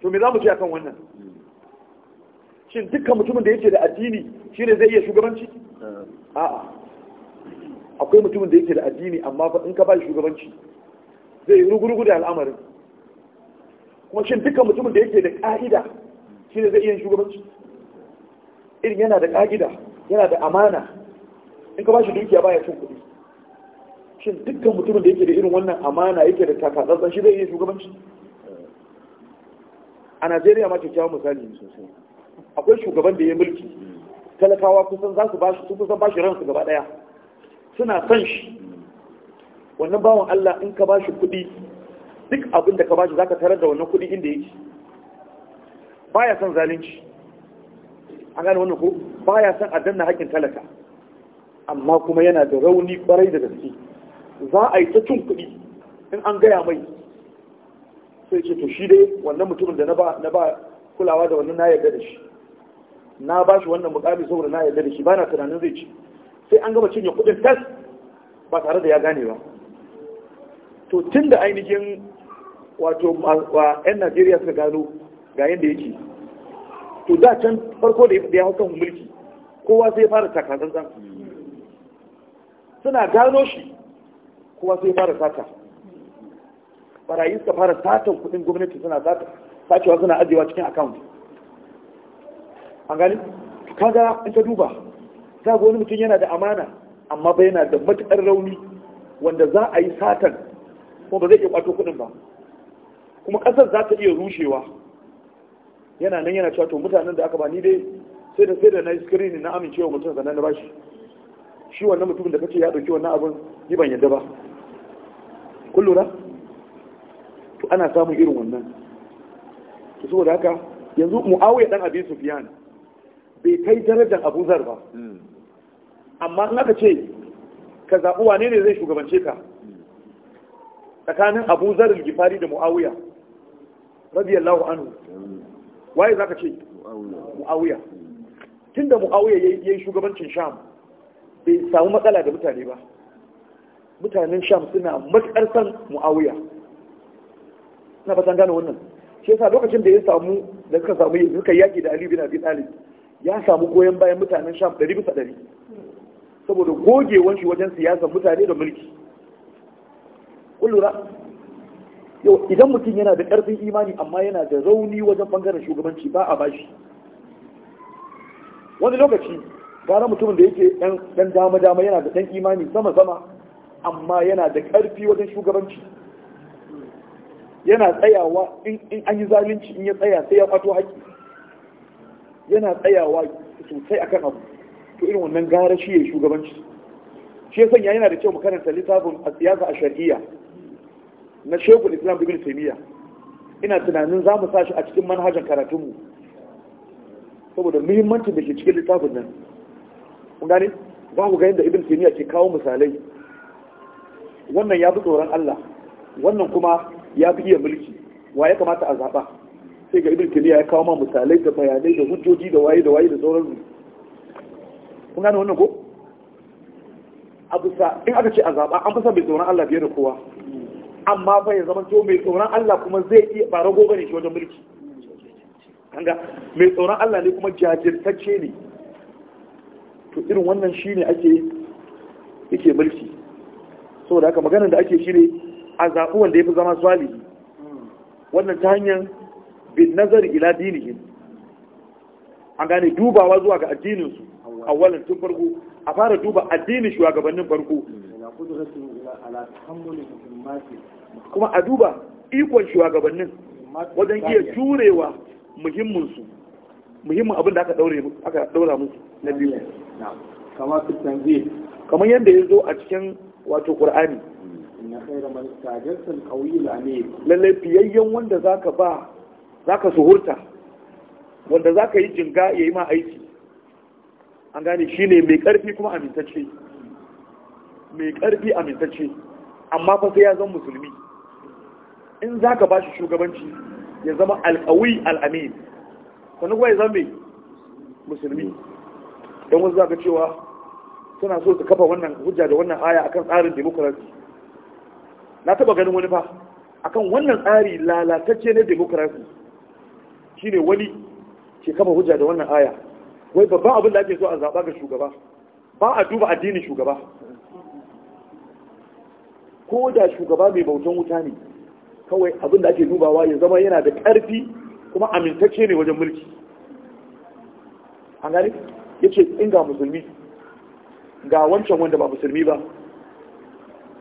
Speaker 1: to me za mu ce akan wannan shin dukkan mutumin da yake da addini shi ne zai iya shugabanci eh. a'a akwai mutumin da yake da addini amma in ka ba shugabanci zai yi rugurugu da al'amarin kuma shin dukkan mutumin da yake da ka'ida shi ne zai iya shugabanci irin yana da ƙa'ida yana da amana in ka ba shi dukiya baya cin kuɗi shin dukkan mutumin da yake da irin wannan amana yake da takatsantsan shi zai iya shugabanci a najeriya ma kyawun misali ne sosai akwai shugaban da ya mulki talakawa kusan za su bashi kusan bashi ransu gaba daya suna son shi wannan bawan allah in ka bashi kuɗi duk abin da ka bashi ka tarar da wannan kuɗi inda yake baya son zalunci an gane wannan ko baya son a danna haƙƙin talaka amma kuma yana da rauni kwarai da gaske za a yi ta cin kuɗi in an gaya mai sai ce to shi dai wannan mutumin da na ba kulawa da wannan na yarda da shi na ba shi wannan mukami saboda na yarda da shi bana tunanin zai ci sai an gama cinye kuɗin tas ba tare da ya gane ba to tun da ainihin wato 'yan najeriya suka gano ga yadda yake to da can farko da ya hau kan mulki kowa sai fara zanzan suna gano shi kowa sai fara sata barayi suka fara satan kudin gwamnati suna sata sacewa suna ajiyewa cikin account an gani kaga in ta duba ta wani mutum yana da amana amma ba yana da matuƙar rauni wanda za a yi satan kuma ba zai iya kwato kudin ba kuma ƙasar za ta iya rushewa yana nan yana cewa to mutanen da aka ba ni dai sai da sai da na screen na amincewa mutum sannan na bashi shi wannan mutumin da kace ya dauki wannan abin ni ban yadda ba kun lura to ana samun irin wannan to saboda haka yanzu muawiya dan abi sufyan bai kai darajar abu zar ba amma in aka ce ka zaɓi wane ne zai shugabance ka tsakanin abu zar gifari da muawiya radiyallahu anhu waye zaka ce muawiya tunda muawiya yayi shugabancin sham bai samu matsala da mutane ba mutanen sham suna matsar san muawiya na fatan gane wannan shi yasa lokacin da ya samu da suka samu suka yaki da Ali bin Abi Talib ya samu goyon bayan mutanen sham 100 bisa 100 saboda gogewan shi wajen siyasar mutane da mulki kullura yau idan mutum yana da ƙarfin imani amma yana da rauni wajen bangaren shugabanci ba a bashi wani lokaci gara mutumin da yake ɗan dama-dama yana da ɗan imani sama-sama amma yana da ƙarfi wajen shugabanci yana tsayawa in an yi zalunci in ya tsaya sai ya kwato haƙƙi yana tsayawa sosai akan abu to irin wannan gara shi ya shugabanci shi ya sanya yana da kyau mu karanta littafin a siyasa a shari'a na shekul islam ibn taymiya ina tunanin za mu sa shi a cikin manhajar karatunmu saboda muhimmancin da ke cikin littafin nan kun gane za ku ga yadda ibn taymiya ke kawo misalai wannan ya fi tsoron Allah wannan kuma ya fi iya mulki wa ya kamata a zaɓa sai ga ibn taymiya ya kawo ma misalai da bayanai da hujjoji da waye da waye da sauransu kun gane wannan ko abu sa in aka ce a zaɓa an fi son bai tsoron Allah biyar da kowa amma fa ya zama to mai tsoron Allah kuma zai iya ba rago bane shi wajen mulki kanga mai tsoron Allah ne kuma jajirtacce ne to irin wannan shine ake yake mulki saboda haka maganar da ake shine a zaɓi wanda ya fi zama salihi wannan ta hanyar bin nazari ila dinihim an gane dubawa zuwa ga addininsu a walin tun farko a fara duba addinin shugabannin farko kuma a duba ikon shugabannin wajen iya jurewa muhimminsu muhimmin abin da aka daura musu na biyu kamar yadda ya zo a cikin wato ƙur'ani, inna fiyayyen wanda ka ba ka suhurta wanda za ka yi jinga yi ma aiki an gane ne mai karfi kuma amintacce mai karfi amintacce amma fa sai ya zan musulmi in za ka ba shi shugabanci ya zama alƙawai al'amin wani kuma ya zambe musulmi don wasu za ka cewa suna so su kafa wannan hujja da wannan aya akan tsarin demokarasi na taba ganin wani ba, akan wannan tsari lalatacce na demokarasi shine wani ke kafa hujja da wannan aya wai babban abin da ake so a zaɓa ga shugaba ba a duba addinin shugaba ko da shugaba mai bautan wuta ne kawai abin da ake dubawa ya zama yana da ƙarfi kuma amintacce ne wajen mulki an gani ya ce in ga musulmi ga wancan wanda ba musulmi ba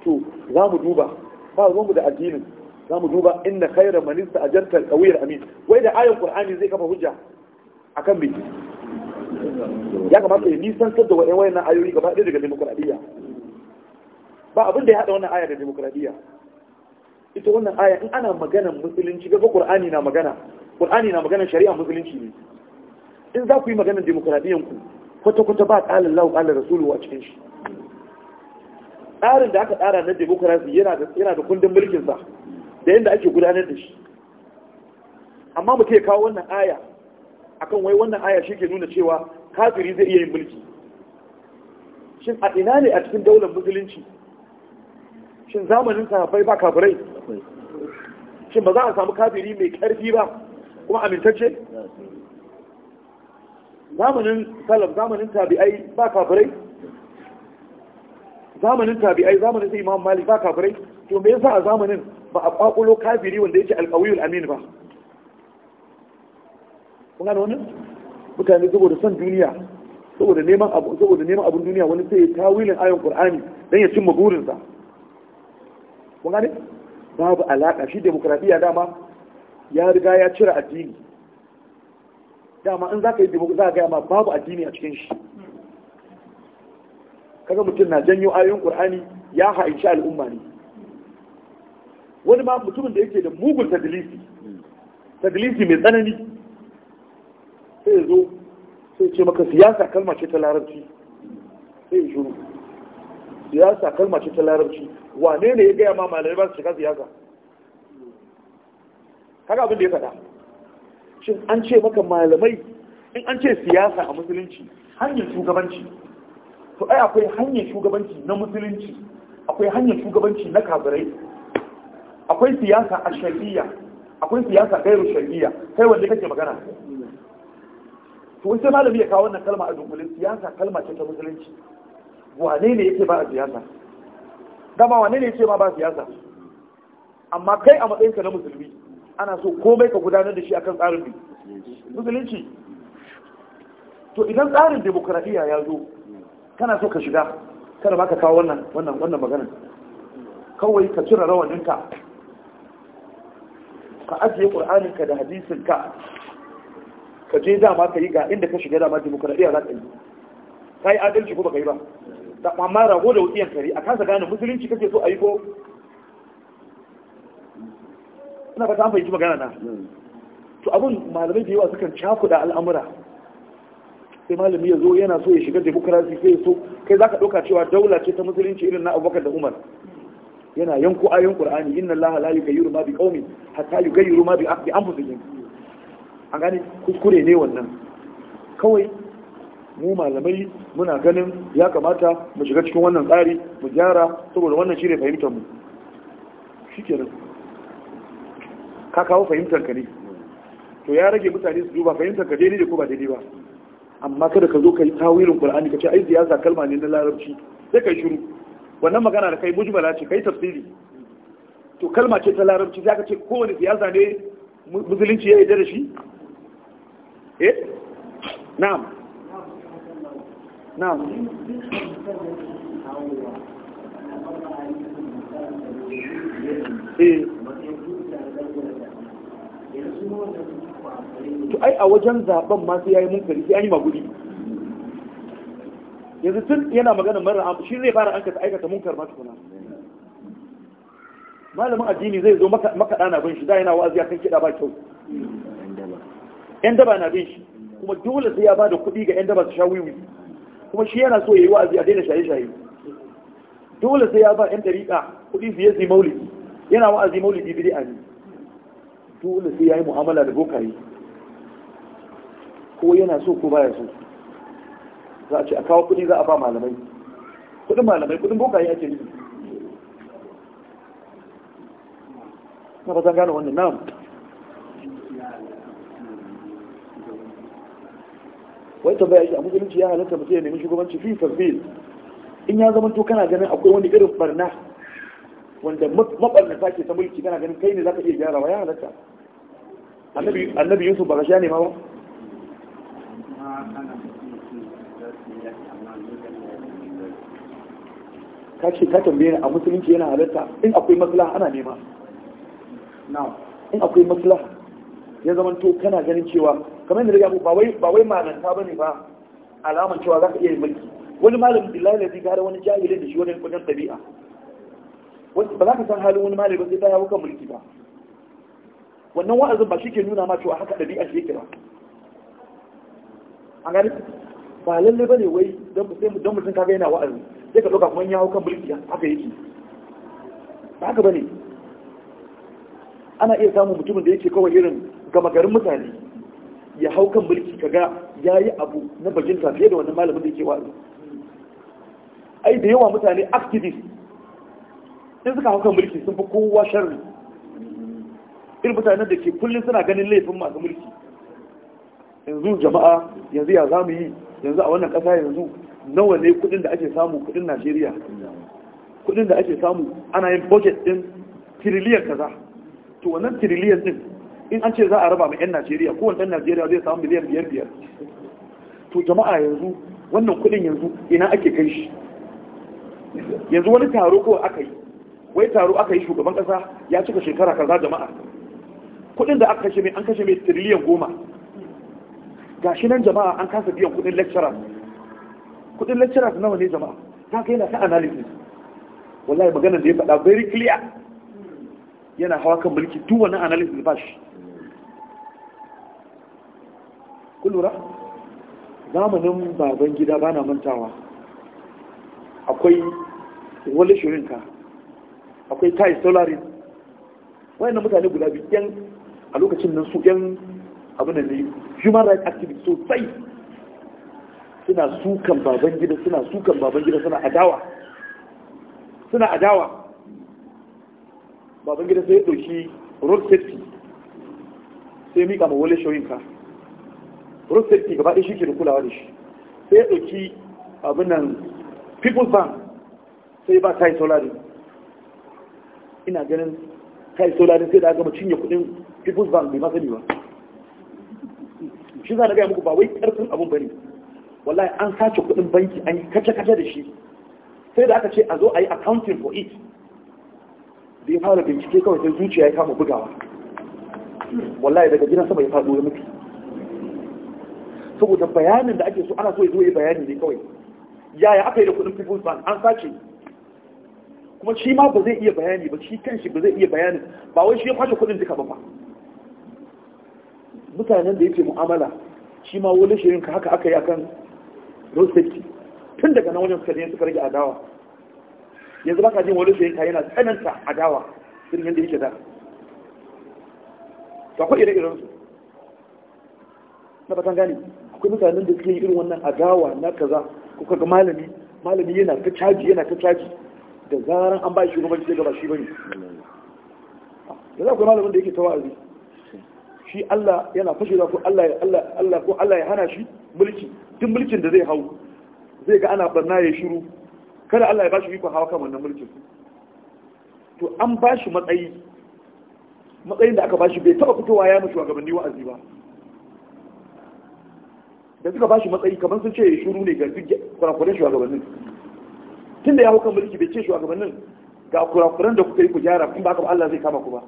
Speaker 1: to za mu duba ba mu da addinin za mu duba inda khairar manista a jantar ƙawiyar amin wai da ayon ƙur'ani zai kafa hujja a kan biki ya kamata ya nisantar da wa'yan na ayoyi gaba ɗaya daga demokuraɗiyya ba abin da ya haɗa wannan aya da demokuraɗiyya ita wannan aya in ana maganar musulunci gaba qur'ani na magana qur'ani na magana shari'a musulunci ne in za ku yi maganan demokradiyyan ku kwata kwata ba qala Allahu qala rasulu a cikin shi tsarin da aka tsara na demokrasi yana da yana da kundin mulkin sa da yanda ake gudanar da shi amma mu ke kawo wannan aya akan wai wannan aya shi ke nuna cewa kafiri zai iya yin mulki shin a ina ne a cikin daular musulunci shin zamanin sahabbai ba kafirai shin ba za a samu kafiri mai karfi ba kuma amintacce zamanin salam zamanin tabi'ai ba kafirai zamanin tabi'ai zamanin sai imam malik ba kafirai to me yasa a zamanin ba a kwakulo kafiri wanda yake alqawiyul amin ba kun gano wannan mutane saboda son duniya saboda neman abu saboda neman abun duniya wani sai ya tawilin ayon qur'ani dan ya cimma burinsa kun gane babu alaƙa shi demokradiyya dama ya riga ya cire addini dama in za ka yi za a gaya ma babu addini a cikin shi kaga mutum na janyo ayoyin qur'ani ya ha'inci al'umma ne wani ma mutumin da yake da mugun tadlisi tadlisi mai tsanani sai zo sai ce maka siyasa kalma ce ta larabci sai shuru siyasa kalma ce ta larabci wane ne ya gaya ma malamai ba su shiga siyasa kaga abin da ya faɗa shin an ce maka malamai in an ce siyasa a musulunci hanyar shugabanci to ai akwai hanyar shugabanci na musulunci akwai hanyar shugabanci na kabirai, akwai siyasa a shari'a akwai siyasa gairu shari'a kai wanda kake magana to sai malami ya kawo wannan kalma a dunkulin siyasa kalma ce ta musulunci wane ne yake ba a siyasa dama wane ne ce ma ba siyasa amma kai a matsayinka na musulmi ana so komai ka gudanar da shi akan tsarin musulunci to idan tsarin demokradiyya ya zo kana so ka shiga kada ba ka kawo wannan wannan wannan maganar kawai ka cire rawaninka ka ajiye ƙur'aninka da hadisinka ka je dama ka yi ga inda ka shiga dama demokradiyya za ka yi ka yi adalci ko ba ka yi ba da amma rago da wutsiyan kare a kansa gane musulunci kake so a yi ko ina ta amfani ji magana na to abin malamai da yawa sukan cakuda al'amura sai malami ya zo yana so ya shiga demokrasi sai ya so kai zaka ɗauka cewa daula ce ta musulunci irin na abubakar da umar yana yanko ayon qur'ani inna allaha la yughayyiru ma biqaumin hatta yughayyiru ma bi anfusihim an gani kuskure ne wannan kawai mu malamai muna ganin ya kamata mu shiga cikin wannan tsari mu gyara saboda wannan shi ne fahimtar mu shi kenan ka kawo fahimtar ka ne to ya rage mutane su duba fahimtar ka daidai da ko ba daidai ba amma kada ka zo ka yi tawirin qur'ani ka ce ai siyasa kalma ne na larabci sai kai shiru wannan magana da kai mujmala ce kai tafsiri to kalma ce ta larabci za ka ce kowane siyasa ne musulunci ya yarda da shi eh na'am na'am eh. to ai a wajen zaben ma sai yayi munkari sai an yi magudi yanzu tun yana magana mara shi zai fara aikata aikata munkar ma tukuna malamin addini zai zo makaɗa na bin shi da yana wa'azi kan kiɗa ba kyau yan daba na bin shi kuma dole sai ya ba da kuɗi ga yan daba su sha wiwi kuma shi yana so ya yi wa'azi a daina shaye-shaye dole sai ya ba 'yan dariƙa kuɗi su yi maulidi yana wa'azi maulidi bi da'ani dole sai ya yi mu'amala da bokaye ko yana so ko baya so za a ce a kawo kuɗi za a ba malamai kuɗin malamai kuɗin bokaye ake nufi na ba zan gane wannan na'am wai tambaya shi a musulunci ya halatta mutum ya nemi shugabanci fi sabil in ya zama to kana ganin akwai wani irin barna wanda mabarnata ke ta mulki kana ganin kai ne za ka iya gyara wa ya halatta annabi yusuf ba ka sha ne ma ba ka ce ka tambaye ni a musulunci yana halatta in akwai maslaha ana nema in akwai maslaha ya zama to kana ganin cewa kamar yadda riga ba wai ba wai malanta bane ba alaman cewa za ka iya yin mulki wani malamin billahi lazi gara wani jahili da shi wani wajen tabi'a ba za ka san halin wani malami ba sai ta yawo kan mulki ba wannan wa'azin ba shi ke nuna ma cewa haka ɗabi'a shi yake ba an gani ba lalle ba ne wai don mutum kaga yana wa'azi sai ka ɗauka kuma ya hau kan mulki haka yake ba haka ba ne ana iya samun mutumin da yake kawai irin gama garin mutane ya hau kan mulki kaga ya yi abu na bajinta fiye da wannan malamin da yake wa'azi ai da yawa mutane activist in suka hau kan mulki sun fi kowa sharri irin mutane da ke kullum suna ganin laifin masu mulki yanzu jama'a yanzu ya zamu yi yanzu a wannan kasa yanzu nawa ne kudin da ake samu kudin Najeriya kudin da ake samu ana yin budget din tiriliyan kaza to wannan tiriliyan din in an ce za a raba mai 'yan najeriya kowane ɗan najeriya zai samu miliyan biyar biyar to jama'a yanzu wannan kuɗin yanzu ina ake kai shi yanzu wani taro ko aka yi wai taro aka yi shugaban ƙasa ya cika shekara kaza jama'a kuɗin da aka kashe mai an kashe mai tiriliyan goma Ga shi nan jama'a an kasa biyan kuɗin lecturer kuɗin lecturer nawa ne jama'a ta kai yana ta analysis wallahi maganar da ya faɗa very clear yana hawa kan mulki duk wani analysis ba shi Kulura zamanin baban gida ba na mantawa akwai wale shirinka akwai tai solarin na mutane guda biyu yan a lokacin nan su yan abin da ne human rights activist sosai suna sukan baban gida suna sukan baban gida suna adawa suna adawa baban gida sai ya ɗauki road safety sai mika ma wale shirinka road gaba ɗin shi ke da kulawa da shi sai ya ɗauki abinan people's bank sai ba kai solari ina ganin kai solari sai da gama cinye kuɗin people's bank bai masani ba shi za na gaya muku ba wai ƙarfin abin bane wallahi an sace kuɗin banki an yi kace-kace da shi sai da aka ce a zo a yi accounting for it da ya fara bincike kawai sai zuciya ya kama bugawa wallahi daga gidan sama ya faɗo ya mutu saboda bayanin da ake so ana so ya zo yi bayani ne kawai yaya aka yi da kudin people's bank an sace kuma shi ma ba zai iya bayani ba shi kanshi ba zai iya bayanin ba wai shi ya kwashe kudin duka ba ba mutanen da yake mu'amala shi ma wani shirin ka haka aka yi akan road safety tun daga nan wajen suka suka rage adawa yanzu ba ka jin wani shirin ka yana tsananta adawa irin yadda yake da akwai ire-irensu na fatan gane akwai mutanen da suke irin wannan adawa na kaza kuka ga malami malami yana ta caji yana ta caji da zaran an ba shi shugabanci zai gaba shi bane da za ku malamin da yake ta wa'azi shi Allah yana fashe da ku Allah Allah ko Allah ya hana shi mulki duk mulkin da zai hau zai ga ana barna ya shiru kada Allah ya bashi iko hawa kan wannan mulkin to an bashi matsayi matsayin da aka bashi bai taba fitowa ya mu shugabanni wa'azi ba da suka bashi matsayi kamar sun ce ya shuru ne ga duk kurakuren shugabannin tun da ya hau kan mulki bai ce shugabannin ga kurakuran da kuka yi ku gyara in ba ka Allah zai kama ku ba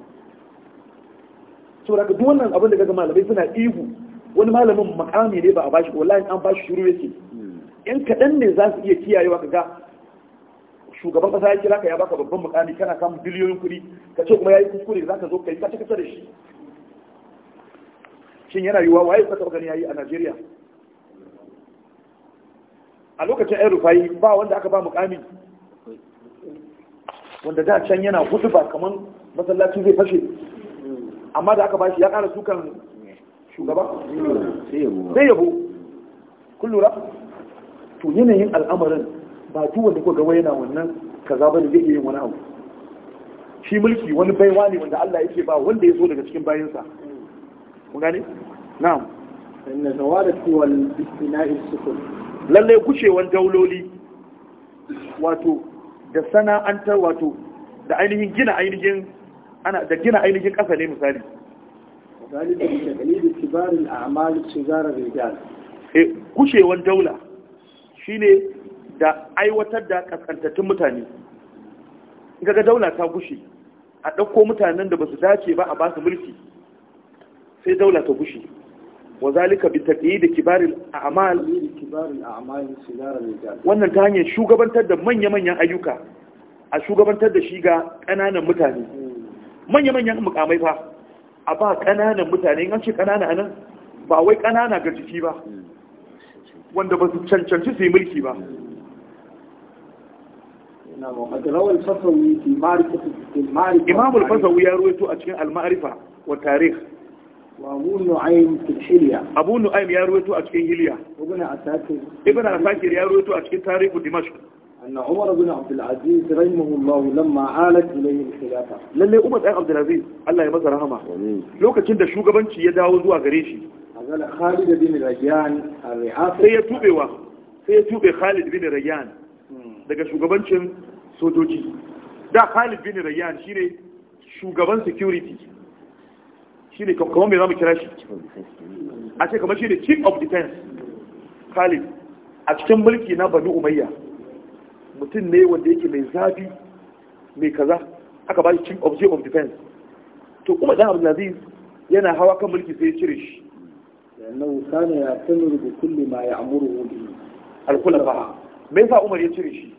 Speaker 1: daga duk wannan abin da kaga malamai suna ihu wani malamin makami ne ba a bashi wallahi an bashi shuru yake in kaɗan ne za su iya kiyayewa ka ga shugaban kasa ya kira ka ya baka babban mukami kana samun biliyoyin kuɗi ka ce kuma ya yi kuskure za ka zo ka ci kace da shi shin yana yiwuwa waye ka taɓa gani yayi a Najeriya a lokacin yan rufayi ba wanda aka ba mukami wanda da can yana hudu ba kamar masallaci zai fashe amma da aka ba shi ya kara sukan shugaba zai yabo kun lura to yanayin al'amarin ba duk wanda kuka gawa yana wannan kaza bane zai iya yin wani abu shi mulki wani baiwa ne wanda Allah yake ba wanda ya zo daga cikin bayansa kun gane na'am inna zawadatu wal istina'i sukun lallai gucewan dauloli wato da sana'antar wato da ainihin gina ainihin ana da gina ainihin kasa ne misali eh, gucewan daula shine da aiwatar da kaskantattun mutane ga daula ta gushe a ɗauko mutanen da ba su dace ba a ba su mulki sai daula ta gushe wazalika بتقييد كبار الاعمال كبار الاعمال kibar الرجال wannan ta hanyar shugabantar da manya-manyan ayyuka a shugabantar da shi ga kananan mutane manya-manyan mukamai fa a ba kananan mutane an ce kanana anan ba wai kanana ga jiki ba wanda ba su cancanci su yi mulki ba imam al-fasawi ya ruwaito a cikin al-ma'rifa wa tarikh وابو نعيم في الحلية ابو نعيم يا رويتو اتكين هلية ابن عساكر ابن عساكر يا رويتو اتكين تاريخ دمشق أن عمر بن عبد العزيز رحمه الله لما عالت إليه الخلافة للي أمد أي عبد العزيز الله يمزى رحمه لو كتن دا شو قبنشي يداوز وغريشي أقول خالد بن ريان الرعافة سيتوبي واخ سيتوبي خالد بن ريان daga shugabancin sojoji da khalid bin rayyan shine shugaban security shi ne kamar mai zama kira shi a ce kamar shi ne chief of defense khalid a cikin mulki na banu umayya mutum ne wanda yake mai zafi mai kaza aka ba shi chief of chief of defense to kuma dan abdulaziz yana hawa kan mulki sai ya cire shi annahu kana ya'tamuru bi kulli ma ya'muruhu bihi al-khulafa me yasa umar ya cire shi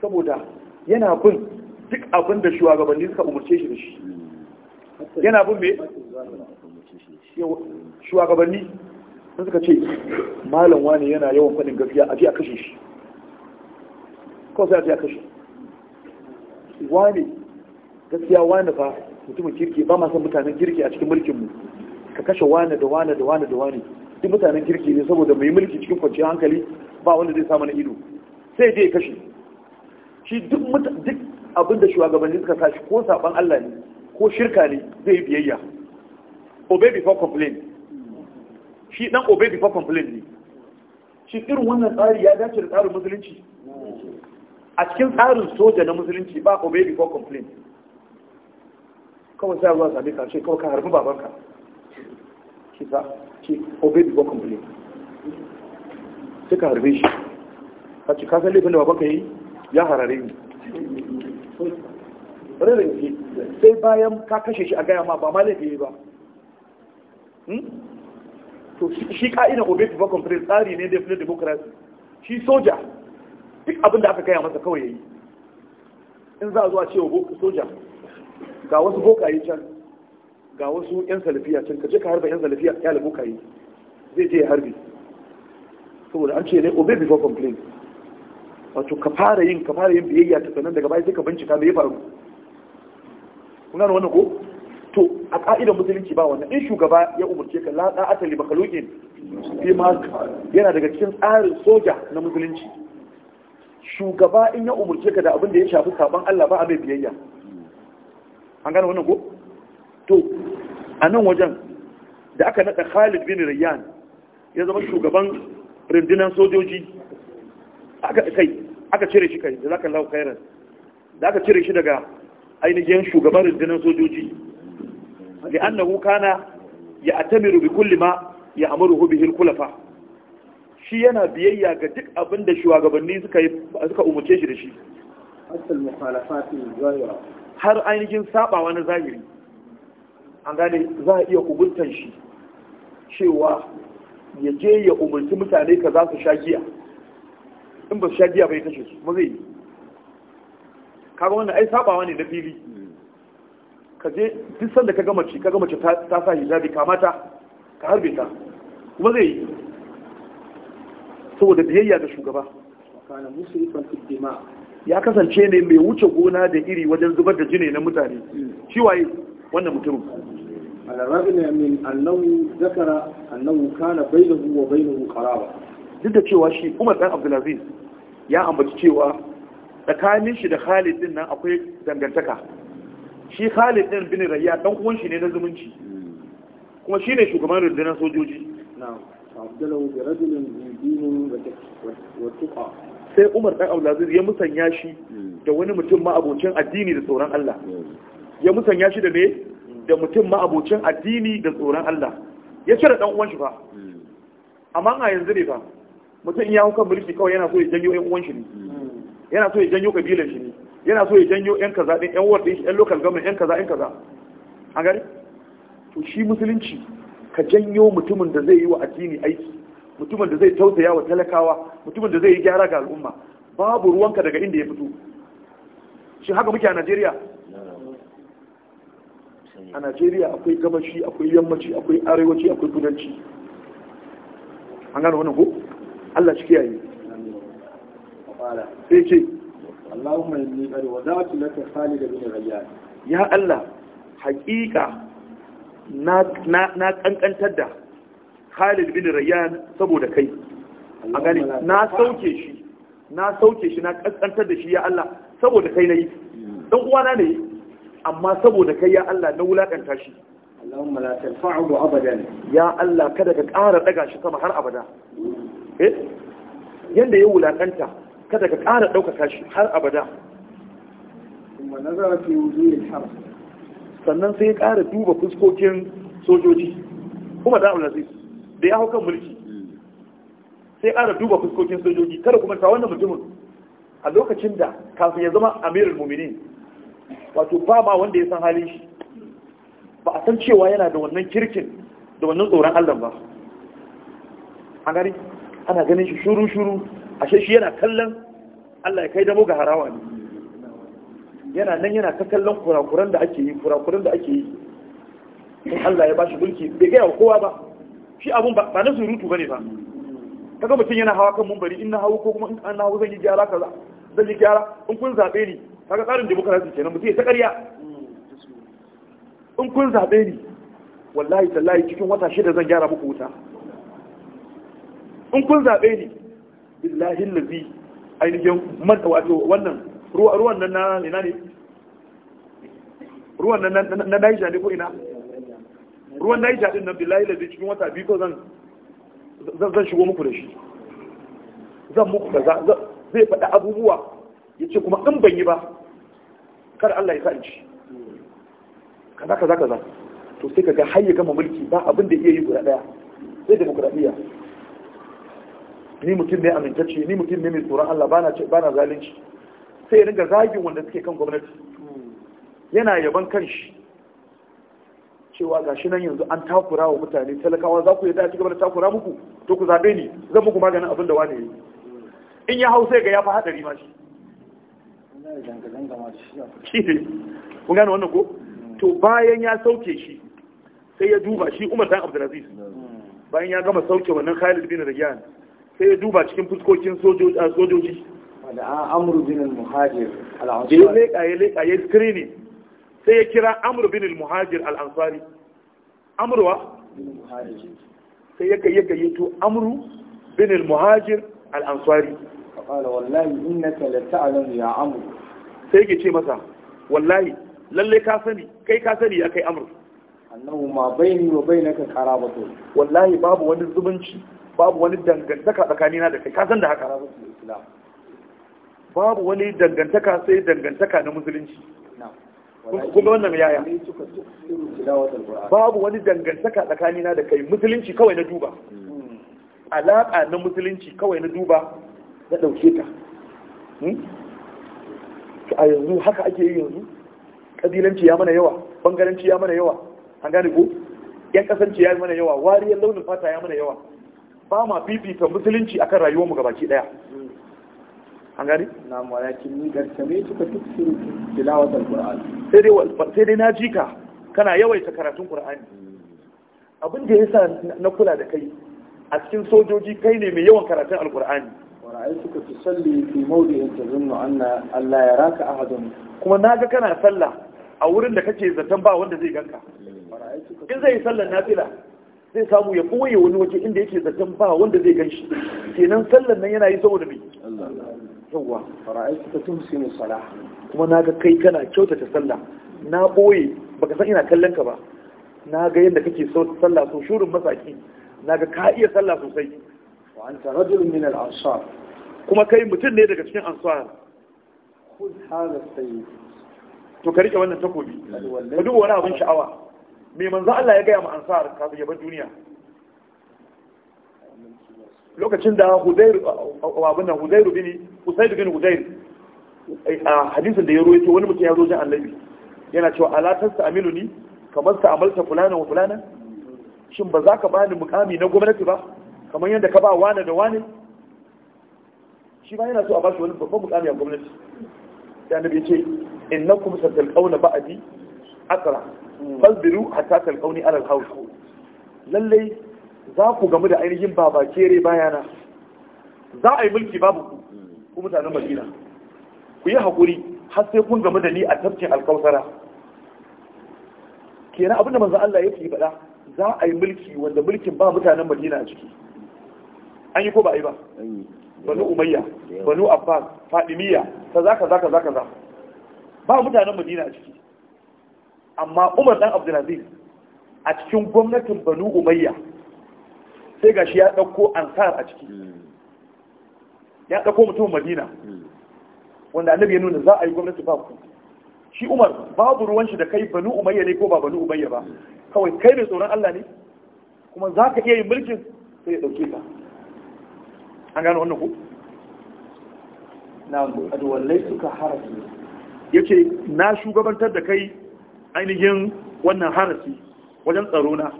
Speaker 1: saboda yana bin duk abin da shugabanni suka umarce shi da shi yana bin me shugabanni sun suka ce malam wani yana yawan faɗin gafiya a ji a kashe shi kawai sai a ji a kashe wani gaskiya wani fa mutumin kirki ba masu mutanen kirki a cikin mulkinmu ka kashe wani da wani da wani da wani duk mutanen kirki ne saboda mai mulki cikin kwanciyar hankali ba wanda zai samu na ido sai dai kashe shi duk abin da shugabanni suka sa shi ko saban Allah ne ko shirka ne zai yi biyayya obey before complain shi dan obey before complain ne shi irin wannan tsari ya dace da tsarin musulunci a cikin tsarin soja na musulunci ba obey before complain kawai sai zuwa sami karshe kawai ka harbi babanka shi ta ce obey before complain sai ka harbe shi ka ci ka laifin da babanka yi ya harare ni ke sai bayan ka kashe shi a gaya ma ba malafi laifi ba hmm? to shi ka'ina obey before complain tsari ne da filin democracy shi soja duk abin da aka gaya masa kawai yayi in za a zuwa cewa soja ga wasu bokaye can ga wasu yan salafiya can ka je ka harba yan salafiya ya da bokaye zai je ya harbi saboda an ce ne obey before complaint wato ka fara yin ka fara yin biyayya ta sanan daga baya sai ka bincika me ya faru kun gano wannan ko to a ka'idar musulunci ba wannan in shugaba ya umarce ka la da'ata li makhluqin sai ma yana daga cikin tsarin soja na musulunci shugaba in ya umarce ka da abin da ya shafi saban Allah ba a mai biyayya an gano wannan ko to a nan wajen da aka nada Khalid bin Rayyan ya zama shugaban rundunar sojoji aka kai aka cire shi kai da zaka lau kairan da aka cire shi daga ainihin shugaban rundunar sojoji da annahu kana ya atamiru bi kulli ma ya amuru bihi al-khulafa shi yana biyayya ga duk abin da shugabanni suka umarce shi da shi har ainihin sabawa na zahiri an gane za a iya kubuntan shi cewa ya je ya umarci mutane ka za su sha giya in ba su sha giya bai kashe su ma zai yi kaga wannan ai sabawa ne da fili ka je duk sanda ka gama ci ka gama ci ta sa hijabi ka mata, ka harbe ta kuma zai yi saboda biyayya ga shugaba kana musrifan fiddima ya kasance ne mai wuce gona da iri wajen zubar da jini na mutane hmm. shi waye wannan mutumin alarabina min annahu zakara annahu kana bainahu wa bainahu qaraba duk da cewa shi Umar dan Abdulaziz ya ambaci cewa tsakanin shi da Khalid din nan akwai dangantaka shi Khalid din bin Rayya dan uwan shi ne na zumunci kuma shine shugaban rundunar sojoji na'am bi rajulin dinin wa tuqa sai Umar dan Abdulaziz ya musanya shi hmm. da wani mutum ma abocin addini da tsoron Allah hmm. ya musanya shi da me hmm. da mutum ma abocin addini da tsoron Allah ya cire dan uwan shi fa amma a yanzu ne fa mutum ya hukar mulki kawai yana so ya janyo ɗan uwan shi ne yana so ya janyo kabilan shi ne yana so ya janyo yan kaza din yan ward din yan local government yan kaza yan kaza an gari to shi musulunci ka janyo mutumin da zai yi wa addini aiki mutumin da zai tausaya wa talakawa mutumin da zai yi gyara ga al'umma babu ruwanka daga inda ya fito shi haka muke a Najeriya a Najeriya akwai gabashi akwai yammaci akwai arewaci akwai kudanci an gano wannan ko Allah shi kiyaye ta'ala sai ce Allahumma inni qad wada'tu laka Khalid bin Rayyan ya Allah haqiqa na na na kankantar da Khalid bin Rayyan saboda kai a gani na sauke shi na sauke shi na kankantar da shi ya Allah saboda kai nayi dan uwana ne amma saboda kai ya Allah na wulakanta shi Allahumma la tarfa'u abadan ya Allah kada ka ƙara daga shi sama har abada eh yanda ya wulakanta kada ka kara ɗaukaka shi har abada sannan sai ya ƙara duba fuskokin sojoji kuma da abu da ya hau kan mulki sai ƙara duba fuskokin sojoji kada kuma ta wannan mutumin a lokacin da kafin ya zama amirul muminin wato ba ma wanda ya san halin shi ba a san cewa yana da wannan kirkin da wannan tsoron allah ba a gari ana ganin shi shuru-shuru ashe shi yana kallon Allah ya kai da ga harawa ne yana nan yana ta kallon kurakuran da ake yi kurakuran da ake yi in Allah ya bashi mulki bai gaya wa kowa ba shi abun ba na surutu bane ba kaga mutum yana hawa kan mumbari in na hawo ko kuma in an hawo zan yi gyara kaza zan yi gyara in kun zabe ni kaga tsarin demokrasi kenan mutum ya ta ƙarya in kun zabe ni wallahi tallahi cikin wata shida zan gyara muku wuta in kun zabe ni billahi lazi ainihin man wato wannan ruwan nan na ina ne ruwan nan na Niger ne ko ina ruwan Niger din nan billahi lazi cikin wata biyu ko zan zan shigo muku da shi zan muku kaza zai faɗi abubuwa ya ce kuma in ban yi ba kar Allah ya sa in ci kaza kaza kaza to sai kaga har ya gama mulki ba abin da iya yi guda daya sai demokradiyya ni mutum ne amintacce ni mutum ne mai tsoron Allah ba na zalunci sai ya ringa zagin wanda suke kan gwamnati yana yaban kanshi cewa gashi nan yanzu an takura wa mutane talakawa za ku yi dace gaba da takura muku to ku zaɓe ni zan muku maganin abin da wani yi in ya hau sai ga ya fi haɗari ma shi kun gane wannan ko to bayan ya sauke shi sai ya duba shi umar dan abdulaziz bayan ya gama sauke wannan khalid bin rayyan sai ya duba cikin fuskokin sojoji da amru muhajir sai ya kira amru bin al-muhajir al-ansari amruwa sai yaka yaka yato amru bin al-muhajir al-ansari qala wallahi ya amru sai ce masa wallahi lalle ka sani kai ka sani kai amru annahu ma bayni wa bainaka qarabatu wallahi babu wani zumunci babu wani dangantaka tsakanina da kai ka san da haka babu wani dangantaka sai dangantaka na musulunci
Speaker 2: kuma wannan yaya
Speaker 1: babu wani dangantaka tsakanina da kai musulunci kawai na duba alaƙa na musulunci kawai na duba na ɗauke ta hmm? a yanzu haka ake yi yanzu ƙabilanci ya mana yawa bangaranci ya mana yawa an gane ko 'yan ƙasanci ya mana yawa wariyar launin fata ya mana yawa ba ma fifita musulunci akan rayuwarmu baki daya an gani na'am walakin ni gaskame tuka tuksiru tilawat alquran sai dai sai dai na jika kana yawaita karatun Kur'ani. abin da ya sa na kula da kai a cikin sojoji kai ne mai yawan karatun alqur'ani wa ra'aytuka tusalli fi mawdi'in ta anna Allah ya raka a hadon. kuma na ga kana sallah a wurin da kake zaton ba wanda zai ganka in zai sallar fila. sai samu ya boye wani waje inda yake zaton ba wanda zai gan shi kenan sallan nan yana yi saboda mai yawa fara'aitu ka tumsinu salah kuma na ga kai kana kyautata sallah na boye baka san ina kallon ka ba na ga yadda kake sallah so shurin masaki na ga ka iya sallah sosai wa anta rajulun min al-ansar kuma kai mutum ne daga cikin ansar khudh hadha sayyid to ka rike wannan takobi ka duba wani abin sha'awa me manzo Allah ya gaya ma ansar kafin ya bar duniya lokacin da Hudayr abin nan Hudayr bin Usayd bin Hudayr a hadisin da ya rawaito wani mutum ya zo jin Annabi yana cewa ala ni kamar ta amalta fulana wa fulana shin ba za ka bani mukami na gwamnati ba kamar yadda ka ba wani da wani shi ba yana so a ba shi wani babban mukami a gwamnati da Annabi ya ce innakum satalqawna ba'di asra
Speaker 2: a
Speaker 1: tatar talqauni alal hausa. lallai za ku gamu da ainihin baba kere bayana za a yi mulki babu ku ku mutanen madina ku yi haƙuri har sai kun gamu da ni a tafkin alkausara kenan abin da manzon Allah yake faɗa za a yi mulki wanda mulkin ba mutanen madina a ciki an yi ko ba a yi ba banu umayya banu abbas fadimiyya kaza kaza kaza za, ba mutanen madina a ciki amma umar dan abdulaziz a cikin gwamnatin banu umayya sai gashi ya ɗauko ansar a ciki hmm. ya ɗauko mutum madina hmm. wanda annabi ya nuna za a yi gwamnati ba ku shi umar babu ruwan shi da kai banu umayya ne ko ba banu umayya ba hmm. kawai kai mai tsoron allah ne kuma za ka iya yin mulkin sai ya ɗauke ka an gano wannan ku na adwallai suka harafi ya na shugabantar da kai ainihin wannan harasi wajen tsaro na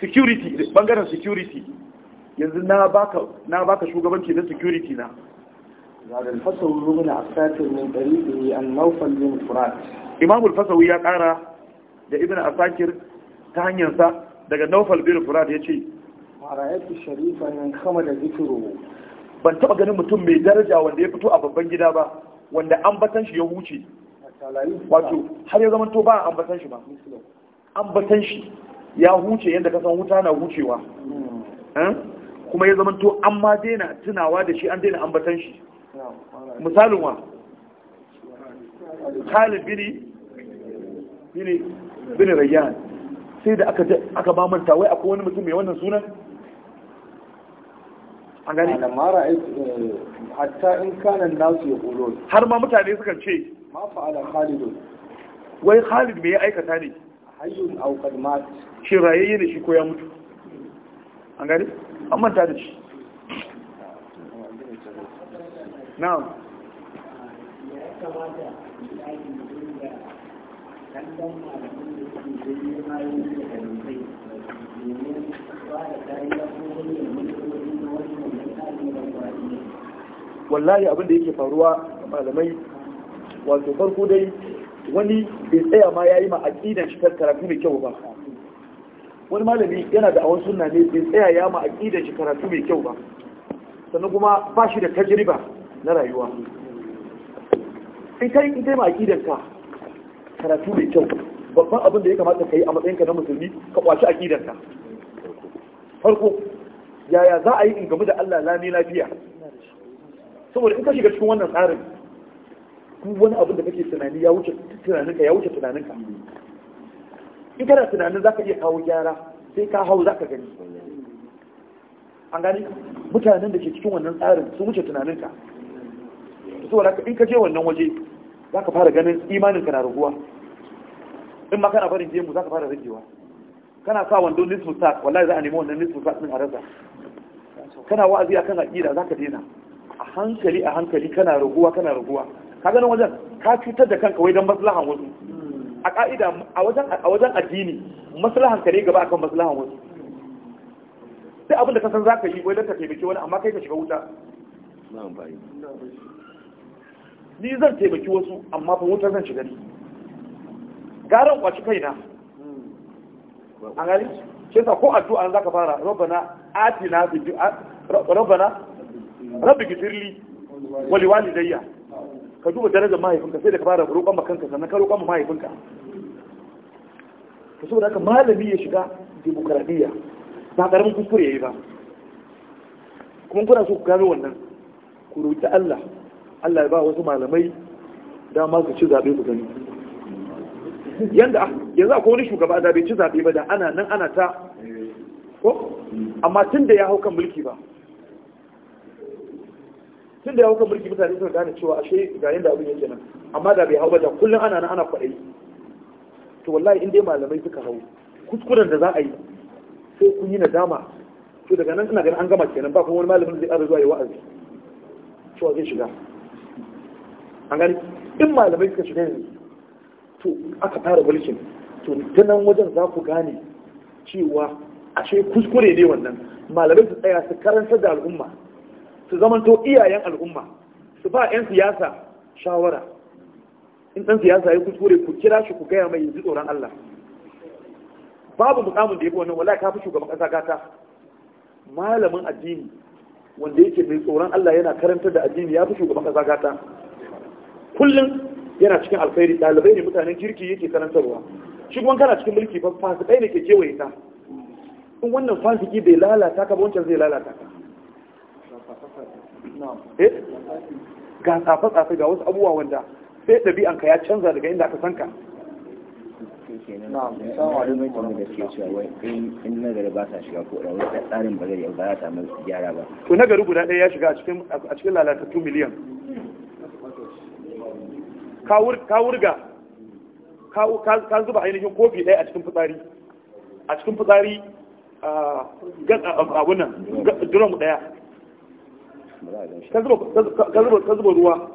Speaker 1: security bangaren security yanzu na baka na shugabanci na security na zada al-fasawi ibn asakir min yi an-nawfal yin furat imamul al ya kara da ibn asakir ta hanyarsa daga nawfal bin furat ya ce. yace sharifa sharifan kama da zikiro ban taba ganin mutum mai daraja wanda ya fito a babban gida ba wanda an batan shi ya huce wato har ya zama to ba ambatan shi ba ambatan shi ya huce yadda ka san wuta na hucewa
Speaker 2: hmm.
Speaker 1: eh? kuma ya zama to an ma daina tunawa da shi an daina ambatan shi misalin wa
Speaker 2: hali bini
Speaker 1: bini bini Rayyan sai da aka aka ba manta wai akwai wani mutum mai wannan sunan an gani eh, hatta in kana nasu ya har ma mutane sukan ce ma fa'ala khalidu wai khalid me ya aikata ne hayyun aw qad mat shi rayayye da shi ko ya mutu an gani an manta da shi na'am wallahi abin da yake faruwa malamai wato farko dai wani bai tsaya ma ya yi ma aƙidan shi karatu mai kyau ba wani malami yana da awon sunna ne bai tsaya ya ma aƙidan shi karatu mai kyau ba sannan kuma ba shi da tajriba na rayuwa in kai in kai ma aƙidan ka karatu mai kyau babban abin da ya kamata ka yi a matsayin ka na musulmi ka kwashi aƙidan ka farko yaya za a yi in gamu da Allah lami lafiya saboda in ka shiga cikin wannan tsarin duk wani abin da kake tunani ya wuce tunaninka ya wuce tunaninka in kana tunanin za ka iya kawo gyara sai ka hau za ka gani an gani mutanen da ke cikin wannan tsarin sun wuce tunaninka wala in ka je wannan waje za ka fara ganin imaninka na raguwa in ma kana barin jemu za ka fara ragewa kana sa wando nisfu sa wallahi za a nemi wannan nisfu sa din a rasa kana wa'azi akan aqida za ka daina a hankali a hankali kana raguwa kana raguwa ka ganin wajen ka cutar da kanka wai don maslahan wasu a ka'ida a wajen addini maslahan ka ne gaba akan maslahan wasu sai abin da ka san zaka yi wai don ka taimaki wani amma kai ka shiga wuta ni zan taimaki wasu amma fa wutar zan shiga ni garan kwaci kaina an gani ce sa ko addu'a zaka fara rabbana atina bi rabbana rabbi gifirli wali walidayya ka duba darajar mahaifinka sai da ka fara roƙon ma kanka sannan ka roƙon mahaifinka ka saboda haka malami ya shiga demokradiyya ba ƙaramin kuskure ya yi ba kuma kuna so ku gano wannan ku roƙi Allah Allah ya ba wasu malamai dama su ci zaɓe ku gani yanda yanzu akwai wani shugaba da bai ci zaɓe ba da ana nan ana ta ko amma tun da ya hau kan mulki ba tun da ya hauka burki mutane suka gane cewa ashe ga yanda abin yake nan amma da bai hau ba da kullum ana nan ana kwaɗayi to wallahi in dai malamai suka hau kuskuren da za a yi sai kun yi nadama to daga nan ina ganin an gama kenan ba kuma wani malamin zai ƙara zuwa yi wa'azi cewa zai shiga an gani in malamai suka shiga yanzu to aka fara mulkin to ta nan wajen za ku gane cewa ashe kuskure ne wannan malamai su tsaya su karanta da al'umma su zamanto iyayen al'umma su ba 'yan siyasa shawara in ɗan siyasa ya kuskure ku kira shi ku gaya mai yanzu tsoron Allah babu mukamin da ya wannan wala ka fi shugaban ƙasa gata malamin addini wanda yake mai tsoron Allah yana karantar da addini ya fi shugaban ƙasa gata kullum yana cikin alkhairi ɗalibai ne mutanen kirki yake karantarwa shi kuma kana cikin mulki fa fasikai ne ke kewaye ta in wannan fasiki bai lalata ka ba wancan zai lalata ka Eh? ga tsafe-tsafe ga wasu abubuwa wanda sai ɗabi'anka ya canza daga inda aka sanka ko to nagari guda ɗaya ya shiga a cikin lalatattu miliyan ka wurga ka zuba ainihin kofi ɗaya a cikin fitsari a cikin fitsari ah, a wannan drum ɗaya ka zuba ruwa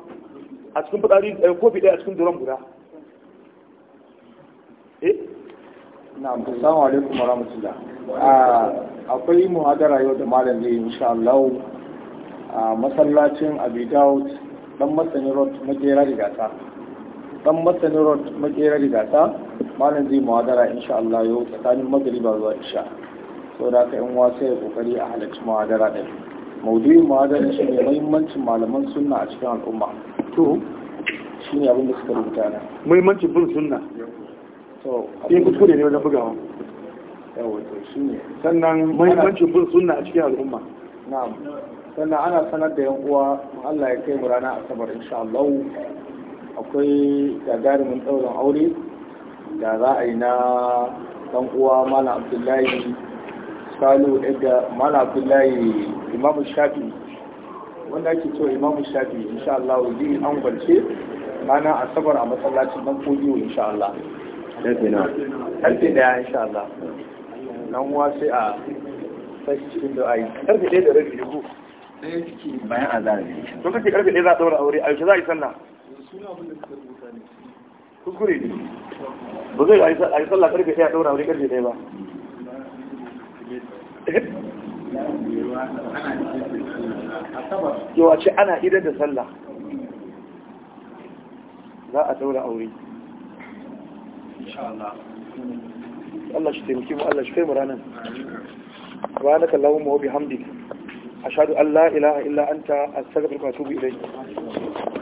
Speaker 1: a cikin fitsari eh, kofi ɗaya a cikin duran guda eh? na'am assalamu alaikum warahmatullah ah, akwai muhadara yau da malam zai insha Allah a ah, masallacin Abi Dawud dan Masani Road makera rigata dan Masani Road makera rigata malam zai muhadara insha Allah yau tsakanin magriba zuwa isha da haka in wasu ya kokari a halarci muhadara ɗin maudu'in ma'adar shi ne muhimmancin malaman sunna a cikin al'umma to shi ne abin da suka rubuta na muhimmancin bin sunna to abin kuskure ne wajen bugawa yawon to shi ne sannan muhimmancin bin sunna a cikin al'umma na'am sannan ana sanar da yan uwa Allah ya kai mu rana asabar insha Allah akwai gagarumin ɗaurin aure da za a yi na ɗan uwa malam Abdullahi salu daga mala abdullahi imamu shafi wanda ake cewa imamu shafi insha Allah zai an gwarce mana asabar a masallacin nan kodiyo insha Allah karfe na karfe daya insha Allah nan uwa sai a sashi cikin da ayi karfe daya da rabi rubu ɗaya ciki bayan azara ne to karfe daya za a daura aure a yaushe za a yi sallah kuskure ne ba zai a yi sallah karfe daya a daura aure karfe daya ba yawa ce ana idan da sallah za a daura aure Allah shi taimaki mu Allah shi kai mu ranar subhanaka allahumma wa bihamdika ashhadu an la ilaha illa anta astaghfiruka wa atubu ilayk